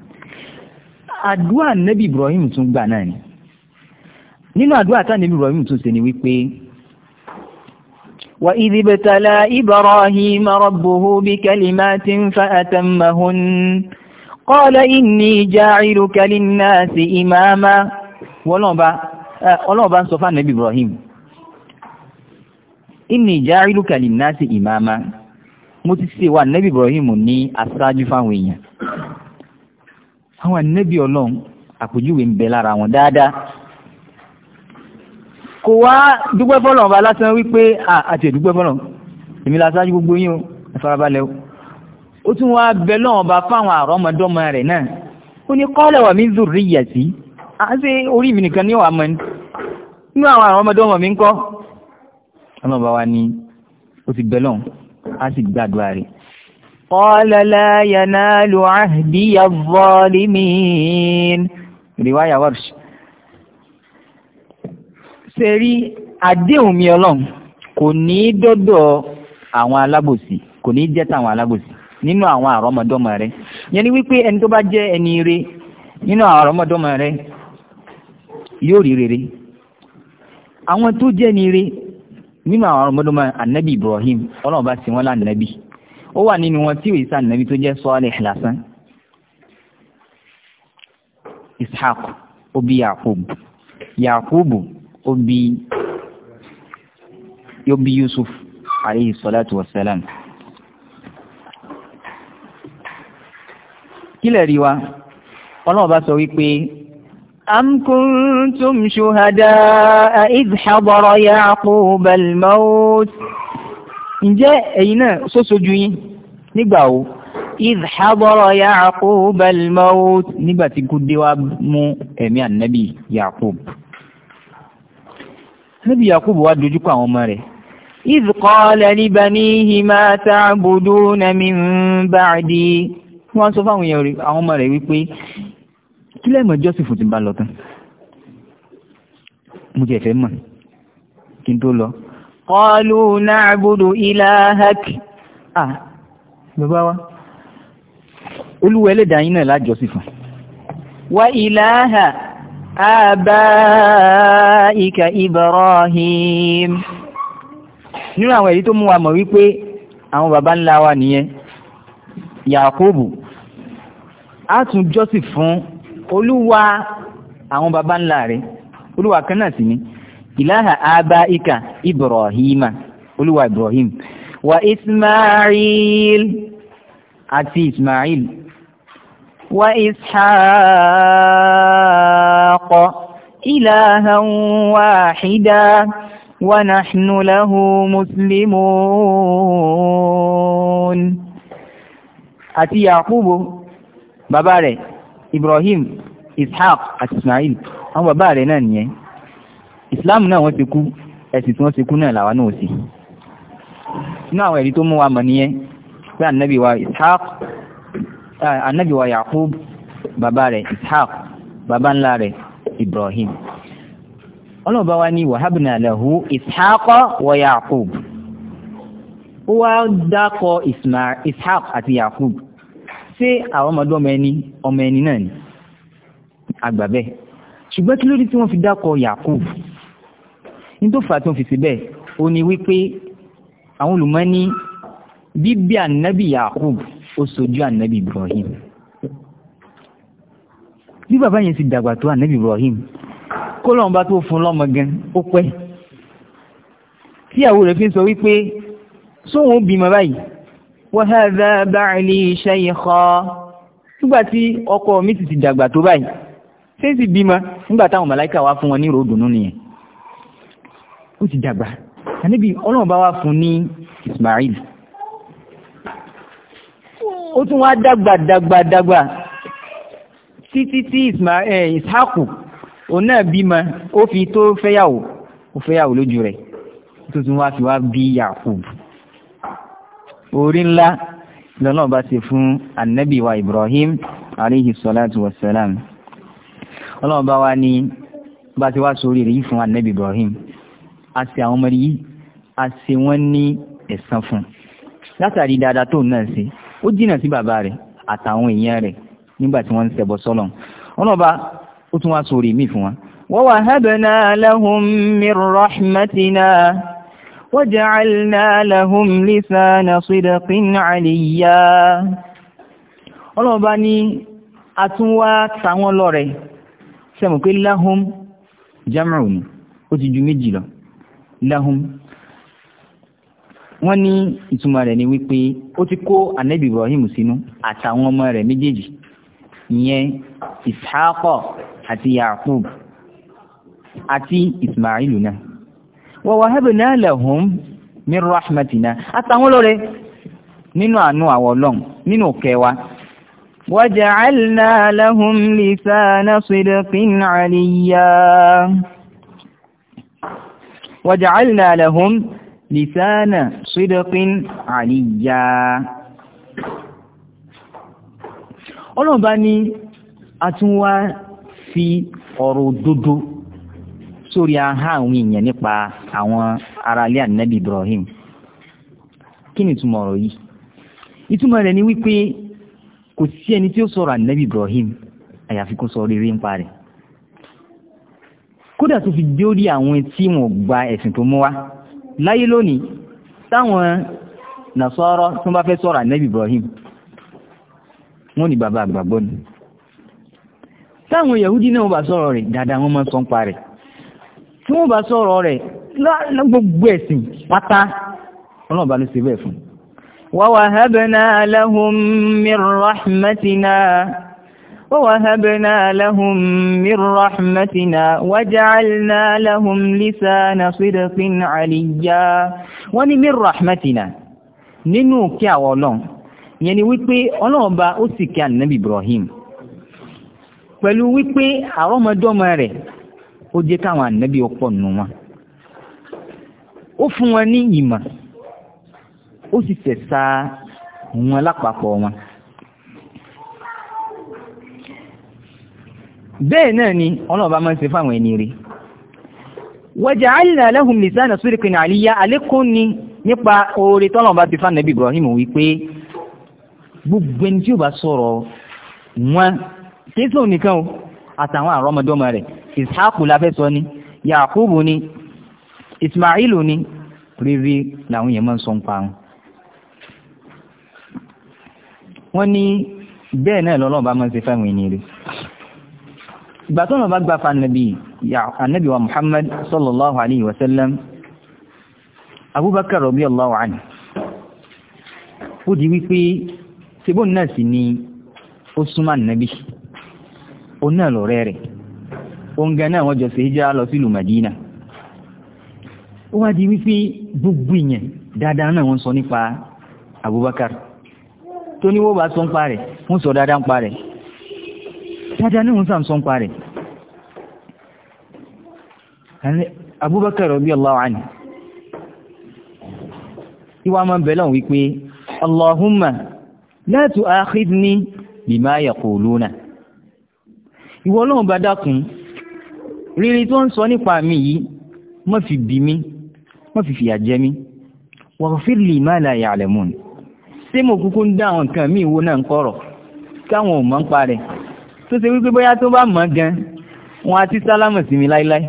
àdúrà nẹ́bí Ibrahim tún gbà náà ni nínú àdúrà tá nẹ́bí Ibrahim tún ṣe ni wípé wa idh ibtala Ibrahima rabbuhu bi kalimatin fa atammahun qala inni ja'iluka lin-nasi imama wọ́lọ́ọ̀bá ọlọ́ọ̀bá ń sọ fún nẹ́bí Ibrahim inni ja'iluka lin-nasi imama mo ti ṣe wà nẹ́bí Ibrahim ní aṣáájú fáwọn èèyàn àwọn ànábì ọlọ́run àpèjúwe ń bẹ lára wọn dáadáa kò wá dúpẹ́ fọ́lọ̀ ọba lásán wípé àti ìdúpẹ́ fọ́lọ̀ èmi lásájú gbogbo yín o ẹ̀farabalẹ̀ o ó tún wá bẹ lọ́wọ́ ọba fáwọn àrọ́mọdọ́mọ rẹ̀ náà ó ní qala wa min zurriyati àti orí mi nìkan ní mọ́ inú àwọn àrọ́mọdọ́mọ mi ń kọ́ ọlọ́ba wa ni ó ti bẹ lọ́wọ́ á sì gbàdúrà rẹ̀ قال لا ينال عهدي الظالمين رواية ورش sẹ́rí àdéhùn mi ọlọ́run kò àwọn alábòsí kò ní í jẹ́ alábòsí nínú àwọn àrọ́mọdọ́mọ rẹ yẹn ni wípé ẹni tó bá jẹ́ ẹni rere nínú àwọn àrọ́mọdọ́mọ rẹ yóò rí rere àwọn tó jẹ́ ni nínú àwọn àrọ́mọdọ́mọ anabi Ibrahim ọlọ́run bá sin wọn ó wà nínú wọn tí ìsà nàbí tó jẹ́ sọ́ọ́lẹ̀ lásán ishaq ó bí yakubu yakubu ó bí yóò bí yusuf alayhi salatu wassalam kílẹ̀ rí wa ọlọ́run bá sọ wípé أم كنتم شهداء إذ حضر يعقوب الموت ǹjẹ́ ẹ̀yin náà sóṣojú yín nígbà wo ìdàbọ̀rọ̀ Yaqub al-maut nígbà tí kú dé wá mú ẹ̀mí ànábì Yaqub ànábì Yaqub wá dojúkọ àwọn ọmọ rẹ̀ إذ قال لبنيه ما تعبدون من بعدي wọ́n sọ fáwọn èèyàn àwọn ọmọ rẹ̀ wípé kí lẹ́mọ̀ jọ́sìfù ti bá lọ tán mo jẹ́ fẹ́ mọ̀ kí n tó lọ قالوا نعبد إلهك ah bàbá wa olúwa ẹlẹ́dàá yín náà lájọsìn fún wa ilaha abaika ibrahim nínú àwọn èyí tó mú wa mọ̀ wípé àwọn bàbá ńlá wa nìyẹn yakubu a tún jọ́sìn fún olúwa àwọn bàbá ńlá rẹ̀ olúwa kan náà sì ni ìláhà abáìkà ibrahima olúwa ibrahim wa ismail àti ismail wa ishaq ilahan wahida wa nahnu lahu muslimun àti yakubu bàbá rẹ̀ ibrahim ishaq àti ismail àwọn bàbá rẹ̀ náà nìyẹn islam náà wọ́n ti kú ẹ̀sìn tí wọ́n ti kú náà làwa náà sí inú àwọn ẹ̀rí tó mú wa mọ̀ nìyẹn pé ànábì wa ishaq ànábì wa yaqub bàbá rẹ̀ ishaq bàbá ńlá rẹ̀ ibrahim ọlọ́ọ̀bá wa ní wàhábìnà lahu ishaq wa yaqub ó wá dákọ̀ ishaq àti yaqub ṣé àwọn ọmọdé ọmọ ẹni ọmọ ẹni náà ni àgbàbẹ́ ṣùgbọ́n kí ló dé tí wọ́n fi dákọ̀ yaqub nítorí fàá tó fi sí bẹ́ẹ̀ ó ní wípé àwọn olùmọ̀ ní bíbí ànábì Yakub ó sojú ànábì Ibrahim bí bàbá yẹn ti dàgbà tó ànábì Ibrahim kó lọ́n bá tó fún lọ́mọ gan ó pẹ́ tíyàwó rẹ̀ fi ń sọ wípé sóhun ó bímọ báyìí wa hadha ba'li shaykha nígbà tí ọkọ mi ti ti dàgbà tó báyìí ṣé sì bímọ nígbà táwọn màláìkà wá fún wọn ní ròdùnú nìyẹn ó ti dàgbà ànábì ọlọ́run bá wá fún ní Ismail ó tún wá dàgbà dàgbà dàgbà títí tí eh, Ishaku òun náà bímọ ó fi tó fẹ́yàwó ó fẹ́yàwó lójú rẹ̀ tó tún wá fi wá bí Yakub orí ńlá lọ́nà bá ṣe fún ànábì wa Ibrahim alayhi salatu wa salam ọlọ́run bá wá ní bá ti wá sórí rẹ̀ yìí fún ànábì Ibrahim a sì àwọn ọmọ yìí a sì wọ́n ní ẹ̀san fún un látàrí dáadáa tó náà ṣe ó jìnnà sí bàbá rẹ̀ àtàwọn èèyàn rẹ̀ nígbà tí wọ́n ń ṣẹbọ sọ́lọ̀ ọlọ́ba ó tún wá sórí mí fún wa. wa wahabna lahum min rahmatina وجعلنا لهم لسان صدق عليا ọlọ́ọ̀bá ní a tún wá ta wọ́n lọ́rẹ ṣe mọ̀ pé láhùn jámàrún ó ti ju méjì lọ lahum wọn ní ìtumọ̀ rẹ̀ ni wípé ó ti kó anabi ibrahim sínú àtàwọn ọmọ rẹ̀ méjèèjì ìyẹn ishaqo àti yaqub àti ismailu náà wa wahabna lahum min rahmatina àtàwọn lọ́rẹ̀ nínú àánú àwọn ọlọ́run nínú òkẹwàá wa ja'alna lahum lisana sidqin aliyya. وجعلنا لهم لسان صدق عليا ọlọ́run bá ní a tún wá fi ọ̀rọ̀ òdodo sórí ahá àwọn èèyàn nípa àwọn aráalé ànábì Ibrahim kí ni ìtumọ̀ ọ̀rọ̀ yìí ìtumọ̀ rẹ̀ ni wípé kò sí ẹni tí ó sọ̀rọ̀ ànábì Ibrahim àyàfi kó sọ rere ń parẹ́ kódà tó fi dórí àwọn tí wọ́n gba ẹ̀sìn tó mú wá láyé lónìí táwọn nàṣọ́rọ́ tó bá fẹ́ sọ̀rọ̀ ànábì Ibrahim wọ́n ní bàbá àgbàgbọ́ ni táwọn Yahudi náà bá sọ̀rọ̀ rẹ̀ dáadáa wọ́n máa sọ ń pa rẹ̀ tí wọ́n bá sọ̀rọ̀ rẹ̀ gbogbo ẹ̀sìn pátá ọlọ́run bá ló ṣe bẹ́ẹ̀ fún wa wahabna lahum min rahmatina ووهبنا لهم من رحمتنا وجعلنا لهم لسان صدق عليا وني من رحمتنا nínú kí àwọn ọlọ́run ìyẹn ni wípé ọlọ́run bá ó sì kí ànábì Ibrahim pẹ̀lú wípé àwọn ọmọdọ́mọ rẹ̀ ó jẹ́ káwọn ànábì ọ̀pọ̀ nù wọn ó fún wọn ní ìmọ̀ ó sì tẹ̀sà wọn lápapọ̀ wọn bẹ́ẹ̀ náà ni ọlọ́ọ̀bá máa ń ṣe fáwọn ẹni rí waja'alna lahum lisana sirqin aliyya àlékún ni nípa oore tọ́lọ̀ọ̀bá ti fánàbí Ibrahim wípé gbogbo ẹni tí ó bá sọ̀rọ̀ wọn kéésì nìkan àtàwọn àrọ́mọdọ́mọ rẹ̀ Ishaq láfẹ́ ni Yakubu ni Ismailu ni rírí làwọn yẹn máa ń sọ ń parun wọ́n ní bẹ́ẹ̀ náà lọ́lọ́ọ̀bá máa ń ṣe fáwọn ẹni rí ìgbà tó náà bá gbà fa nàbí ànábì wa muhammad sallallahu alayhi wa sallam abubakar radiyallahu anhu ó di wípé tibon náà sì ni ó súnmọ́ nàbí ó náà lọ́rẹ́ rẹ̀ oúnjẹ náà wọ́n jọ sí hijira lọ sílùú madina ó wá di wípé gbogbo ìyẹn dáadáa náà wọ́n sọ nípa abubakar tó ní wọ́n bá sọ ń pa wọ́n sọ dáadáa ń pa dáadáa ní òun sàmsọ́ ń parẹ̀ abubakar radiyallahu anhu ìwà máa ń bẹ̀lọ̀ wípé allahumma la tu'akhidhni bima yaquluna ìwọ ọlọ́run bá dákun rírí tó ń sọ nípa mi yìí má fi bì mí má fi fìyà jẹ mí waghfir li ma la ya'lamun ṣé mo kúkú ń dá àwọn nǹkan míì náà ń kọ̀rọ̀ káwọn ò mọ̀ ń parẹ́ tó ṣe wípé bóyá tó bá mọ̀ gan wọn àti sálámù sí mi láíláí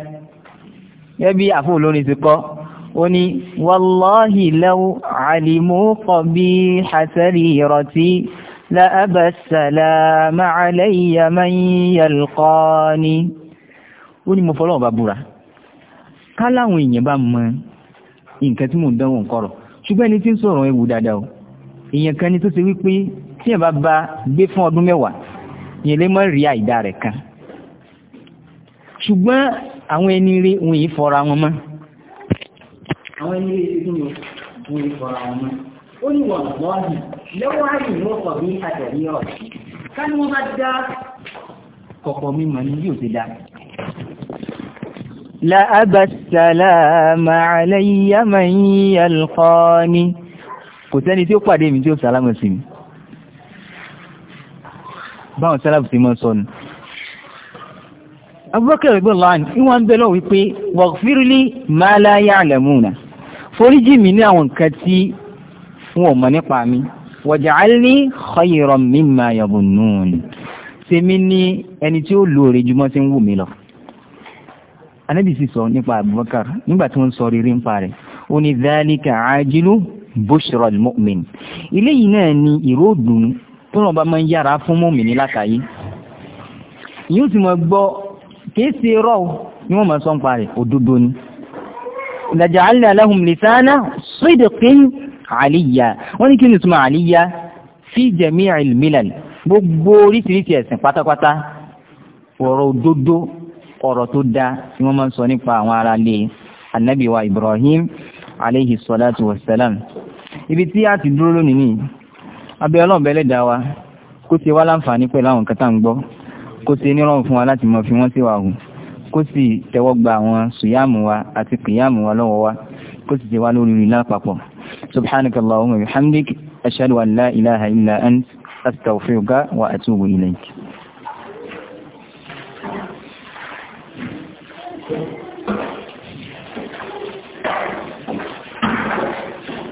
gẹ́gẹ́ bí àfọ olórin ti kọ́ ó ní wàláhì lẹ́wọ́ àlìmọ́ kọ̀ bí hasari ìrọ̀tí لأبى السلام ó ní mo fọ́lọ́wọ́ bá búra ká láwọn èèyàn bá mọ nǹkan tí mò ń dánwò nǹkọ̀rọ̀ ṣùgbọ́n ẹni tí ń sọ̀rọ̀ ewu dáadáa èèyàn kan ni tó ṣe wípé tí èèyàn bá gbé fún ọdún mẹ́wàá yẹn lè mọ́ rí àìdá rẹ̀ kan ṣùgbọ́n àwọn ẹni rí wọn yìí fọra wọn mọ́ àwọn ẹni rí sí ni wọn yìí fọra wọn mọ́ ó ní wọn lọ́ọ̀dì lẹ́wọ́ ààyè ní ọkọ̀ bí àtẹ̀lé ọ̀rọ̀ ká ní wọ́n bá dá kọ̀kọ̀ mímọ̀ ní yóò ti dá لا أبى السلام علي من يلقاني kò sẹ́ni tí ó pàdé mi tí ó sàlámà sí mi báwọn sálàfù ti mọ́ sọnù abubakar rẹ̀ bọ́lá ní wọ́n ń bẹ́ lọ wípé wọ̀fírílì máa la ya'lamuna foríjì mi ní àwọn nǹkan tí fún ọmọ nípa mi waj'alni khayran mimma yabunnun sèmi ní ẹni tí ó lóore jùmọ́ sí ń wù mí lọ anábì sì sọ nípa abubakar nígbà tí wọ́n sọ rírí ń parẹ́ ó ní dhalika ajilu bushra al-mu'min eléyìí náà ni ìró tọ́lọ̀ bá máa ń yára fún mọ́mìnì látàyé yóò sì mọ̀ gbọ́ kìí ṣe rọ́ ni wọ́n máa sọ ń parẹ̀ òdodo ni laja'alna lahum lisana sidqin aliyya wọ́n ní kí ni túmọ̀ aliyya fi jami'il milal gbogbo oríṣiríṣi ẹ̀sìn pátápátá ọ̀rọ̀ òdodo ọ̀rọ̀ tó da ni wọ́n máa sọ nípa àwọn ará ilé anabiwa Ibrahim aleyhi salatu wa salam ibi tí a ti dúró lónìí nìyí abẹ́ ọlọ́ọ̀bẹ lẹ́dàá wa kó ṣe wá láǹfààní pẹ̀lú àwọn nǹkan tá à ń gbọ́ kó ṣe nírọ̀rùn fún wa láti mọ̀ fi wọ́n sí wa hù kó sì tẹ́wọ́ gba àwọn sùyáàmù wa àti kìyáàmù wa lọ́wọ́ wa kó sì ṣe wá lórí ilá papọ̀ Thank you.